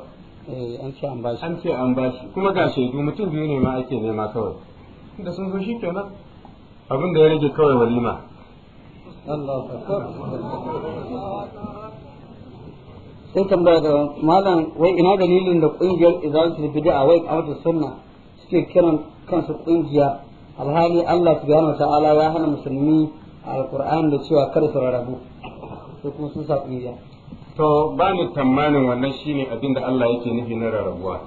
eh, an ce an bashi an ce an bashi kuma ga shaidu mutum biyu ne ma ake nema kawai da sun zo shi kenan abin da ya rage kawai walima sai tambaya da malam wai ina dalilin da kungiyar izalatul bid'a wai kamata sunna suke kiran kansu kungiya alhali Allah subhanahu wa ta'ala ya hana musulmi alqur'ani da cewa kada su rarrabu su kuma sun sa kungiya to ba ni tamanin wannan shine abin da Allah yake nufi na rarrabuwa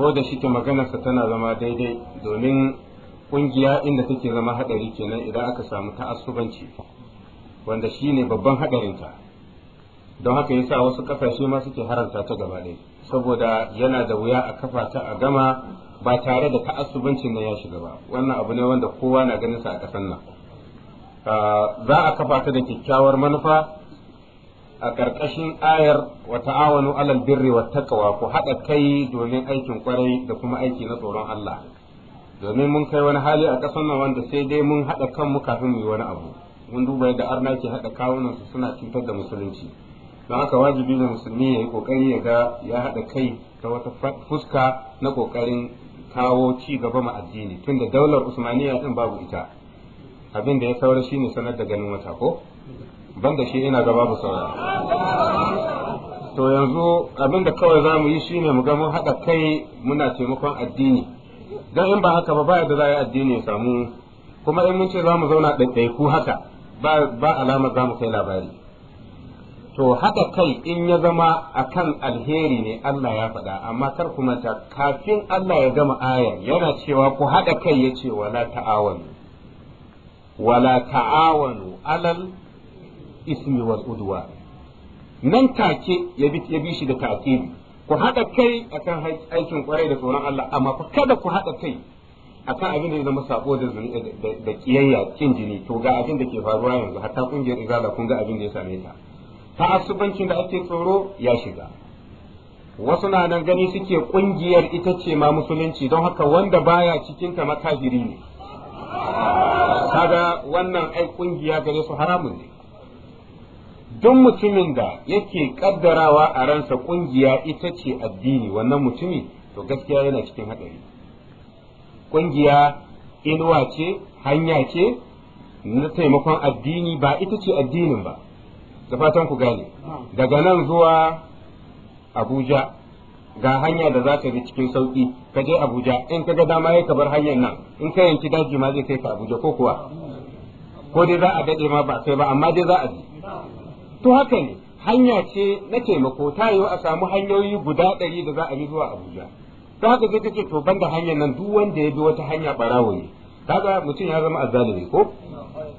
ko da shi ke maganarsa tana zama daidai domin kungiya inda take zama hadari kenan idan aka samu ta'assubanci wanda shine babban hadarinta don haka yasa wasu kasashe ma suke haranta ta gaba ɗaya saboda yana da wuya a kafa ta a gama ba tare da ta'assubancin nan ya shiga ba wannan abu ne wanda kowa na ganin sa a kasan nan za a kafa ta da kyakkyawar manufa a ƙarƙashin ayar wa ta'awanu alal birri wa taqwa ku haɗa kai domin aikin kwarai da kuma aiki na tsoron Allah domin mun kai wani hali a ƙasar nan wanda sai dai mun haɗa kanmu kafin mu yi wani abu mun duba yadda arna ke haɗa kawunan su suna cutar da musulunci don haka wajibi da musulmi ya yi ƙoƙari ya ga ya haɗa kai ta wata fuska na ƙoƙarin kawo ci gaba ma addini tunda daular usmaniya din babu ita abin da ya saura shine sanar da ganin wata ko banda shi ina ga babu saura to yanzu abin da kawai za mu yi shine mu ga mun haɗa kai muna taimakon addini don in ba haka ba ba da za a yi addini ya samu kuma in mun ce za mu zauna ɗaiɗaiku haka ba alama za mu kai labari to haka kai in ya zama akan alheri ne Allah ya faɗa amma kar ku manta kafin Allah ya gama aya yana cewa ku haɗa kai ya ce wala ta'awanu wala ta'awanu alal ismi wal udwa nan take ya bi shi da ta'kidi ku haɗa kai akan aikin kwarai da tsoron Allah amma fa kada ku haɗa kai a kan abin da ya zama sabo da da kiyayya jini to ga abin da ke faruwa yanzu hatta kungiyar izala kun ga abin da ya same ta ta asubancin da ake tsoro ya shiga wasu na nan gani suke ƙungiyar ita ce ma musulunci don haka wanda baya cikin ta makafiri ne kaga wannan ai kungiya gare su haramun ne duk mutumin da yake kaddarawa a ransa kungiya ita ce addini wannan mutumi to gaskiya yana cikin haɗari kungiya inuwa ce hanya ce na taimakon addini ba ita ce addinin ba da fatan ku gane daga nan zuwa abuja ga hanya da za ta bi cikin sauƙi ka je abuja in ka ga dama ya ka bar hanyar nan in ka yanki daji ma zai kai ka abuja ko kuwa ko dai za a daɗe ma ba sai ba amma dai za a je. to haka ne hanya ce na taimako ta yiwu a samu hanyoyi guda ɗari da za a yi zuwa abuja ta haka zai kace to banda hanyar nan duk wanda ya bi wata hanya barawo ne kaga mutum ya zama azzalimi ko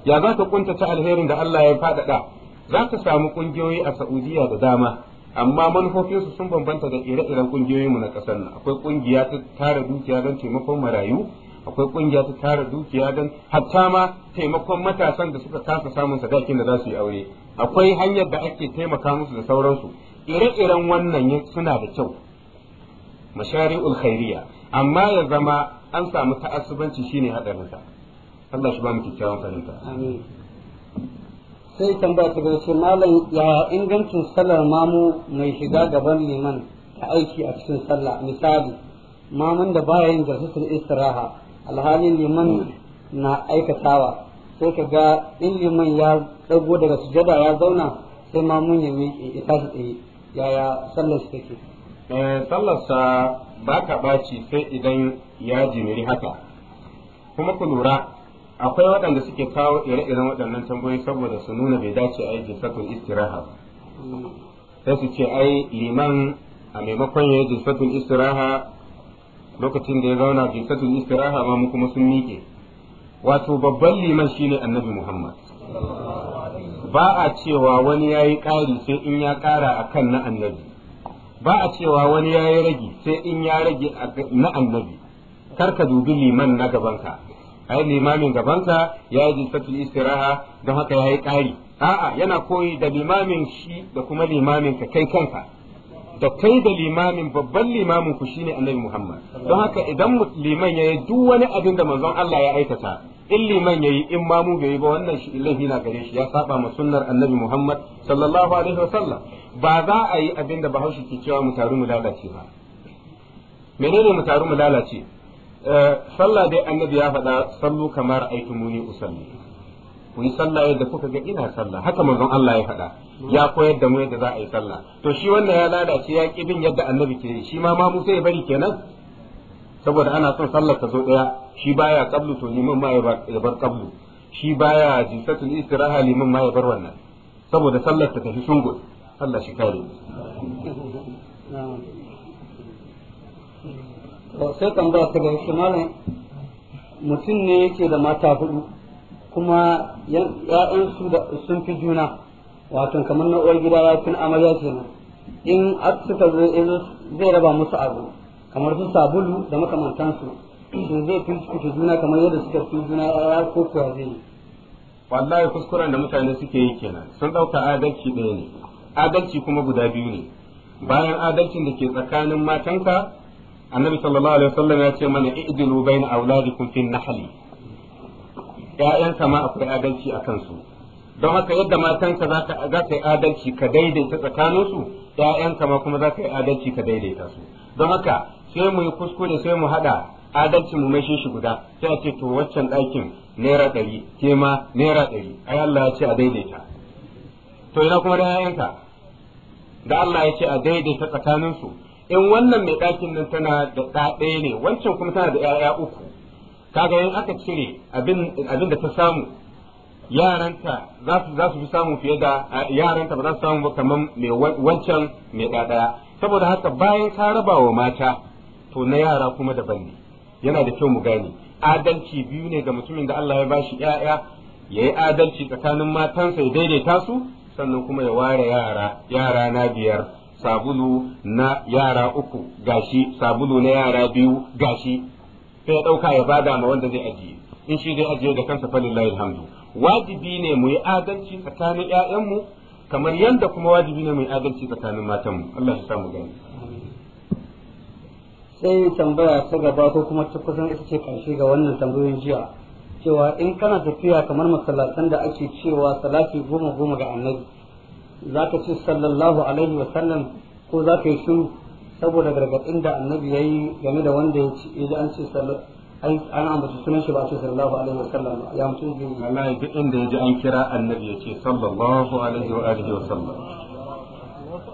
ya za ka kuntata alherin da Allah ya faɗaɗa za ka samu ƙungiyoyi a Saudiya da dama amma manufofinsu sun bambanta da ire-iren ƙungiyoyinmu na ƙasar nan akwai ƙungiya ta tara dukiya don taimakon marayu akwai ƙungiya ta tara dukiya don hatta ma taimakon matasan da suka kasa samun sadakin da za su yi aure akwai hanyar da ake taimaka musu da sauransu ire-iren wannan suna da kyau mashari'ul khairiyya amma ya zama an samu ta'assubanci shine hadarinsa Allah shi ba mu kyakkyawan fahimta sai tambaya ta gaske malam ya ingancin sallar mamu mai shiga gaban liman ta aiki a cikin sallah misali mamun da baya yin jarsatul istiraha alhalin liman na aikatawa sai ka ga in liman ya dago daga sujada ya zauna sai ma mun ya ita ya tsaye yaya sallar su take eh sallarsa ba ka ɓaci sai idan ya jimiri haka kuma ku lura akwai waɗanda suke kawo ire-iren waɗannan tambayoyi saboda su nuna bai dace a yi jinsatul istiraha hmm. sai su ce ai liman a maimakon ya yi jinsatul istiraha lokacin da ya zauna jinsatul istiraha ba mu kuma sun miƙe wato babban liman shine annabi Muhammad ba a cewa wani ya yi ƙari sai in ya ƙara a kan na annabi ba a cewa wani ya yi ragi sai in ya rage na annabi kar ka dubi liman na gabanka ai limamin gabanka ya yi jinsatul istiraha don haka ya yi ƙari a'a yana koyi da limamin shi da kuma limamin ka kai kanka da kai da limamin babban limamin ku shine annabi Muhammad don haka idan liman ya yi duk wani abin da manzon Allah ya aikata in liman ya yi in mamu bai ba wannan shi laifi na gare shi ya saba ma sunnar annabi Muhammad sallallahu alaihi wa sallam ba za a yi abinda da Bahaushe ke cewa mu taru mu lalace ba menene mu taru mu lalace eh, sallah dai annabi ya faɗa sallu kamar muni usalli ku yi sallah yadda kuka ga ina sallah haka manzon Allah ya faɗa ya koyar da mu yadda za a yi sallah to shi wannan ya lalace ya ki bin yadda annabi ke yi shi ma mamu sai bari kenan saboda ana son sallar ta zo daya shi baya qablu to liman ma ya bar qablu shi baya jinsatul istiraha liman ma ya bar wannan saboda sallar ta tafi sungul Allah shi kare sai tambaya ta gaba malam mutum ne yake da mata hudu kuma da sun fi juna wato kamar na uwar gida ya fi amarya kenan in suka zo zai raba musu abu kamar su sabulu da makamantansu to zai kusa juna kamar yadda suka fi juna a ko kuwa zai yi wallahi kuskuren da mutane suke yi kenan sun ɗauka adalci ɗaya ne adalci kuma guda biyu ne bayan adalcin da ke tsakanin matanka annabi sallallahu alaihi wasallam ya ce mana i'dilu bayna auladikum fi nahli ƴaƴanka ma akwai adalci a kansu don haka yadda matanka za ka yi adalci ka daidaita tsakaninsu ƴaƴanka ma kuma za ka yi adalci ka daidaita su don haka sai mu yi kuskure sai mu hada adalci mu maishe shi guda sai a ce to waccan ɗakin naira ɗari ke ma naira ɗari ai Allah ya ce a daidaita to ina kuma da ƴaƴanka da Allah ya ce a daidaita tsakanin su in wannan mai ɗakin nan tana da ɗa ɗaya ne wancan kuma tana da ƴaƴa uku kaga in aka cire abin da ta samu yaranta za su za su fi samu fiye da yaranta ba za su samu ba kamar mai wancan mai ɗaɗaya saboda haka bayan ka raba wa mata to na yara kuma daban ne yana da kyau mu gane adalci biyu ne ga mutumin da Allah ya bashi ƴaƴa yi adalci tsakanin matansa ya daidaita su sannan kuma ya ware yara yara na biyar sabulu na yara uku gashi sabulu na yara biyu gashi sai ya ɗauka ya bada ma wanda zai ajiye in shi zai ajiye da kansa falillahi alhamdu wajibi ne mu yi adalci tsakanin ƴaƴanmu kamar yadda kuma wajibi ne mu yi adalci tsakanin matanmu Allah ya sa mu gani sai tambaya ta gaba ko kuma ta kusan ita ce karshe ga wannan tambayoyin jiya cewa in kana tafiya kamar masallatan da ake cewa salati goma goma ga annabi za ka ci sallallahu alaihi wa sallam ko za ka yi shiru saboda gargaɗin da annabi ya yi game da wanda ya ci ya ji an ce an ambaci sunan shi ba a ce sallallahu alaihi wa sallam ya mutum zai yi. Allah inda ya ji an kira annabi ya ce sallallahu alaihi wa sallam.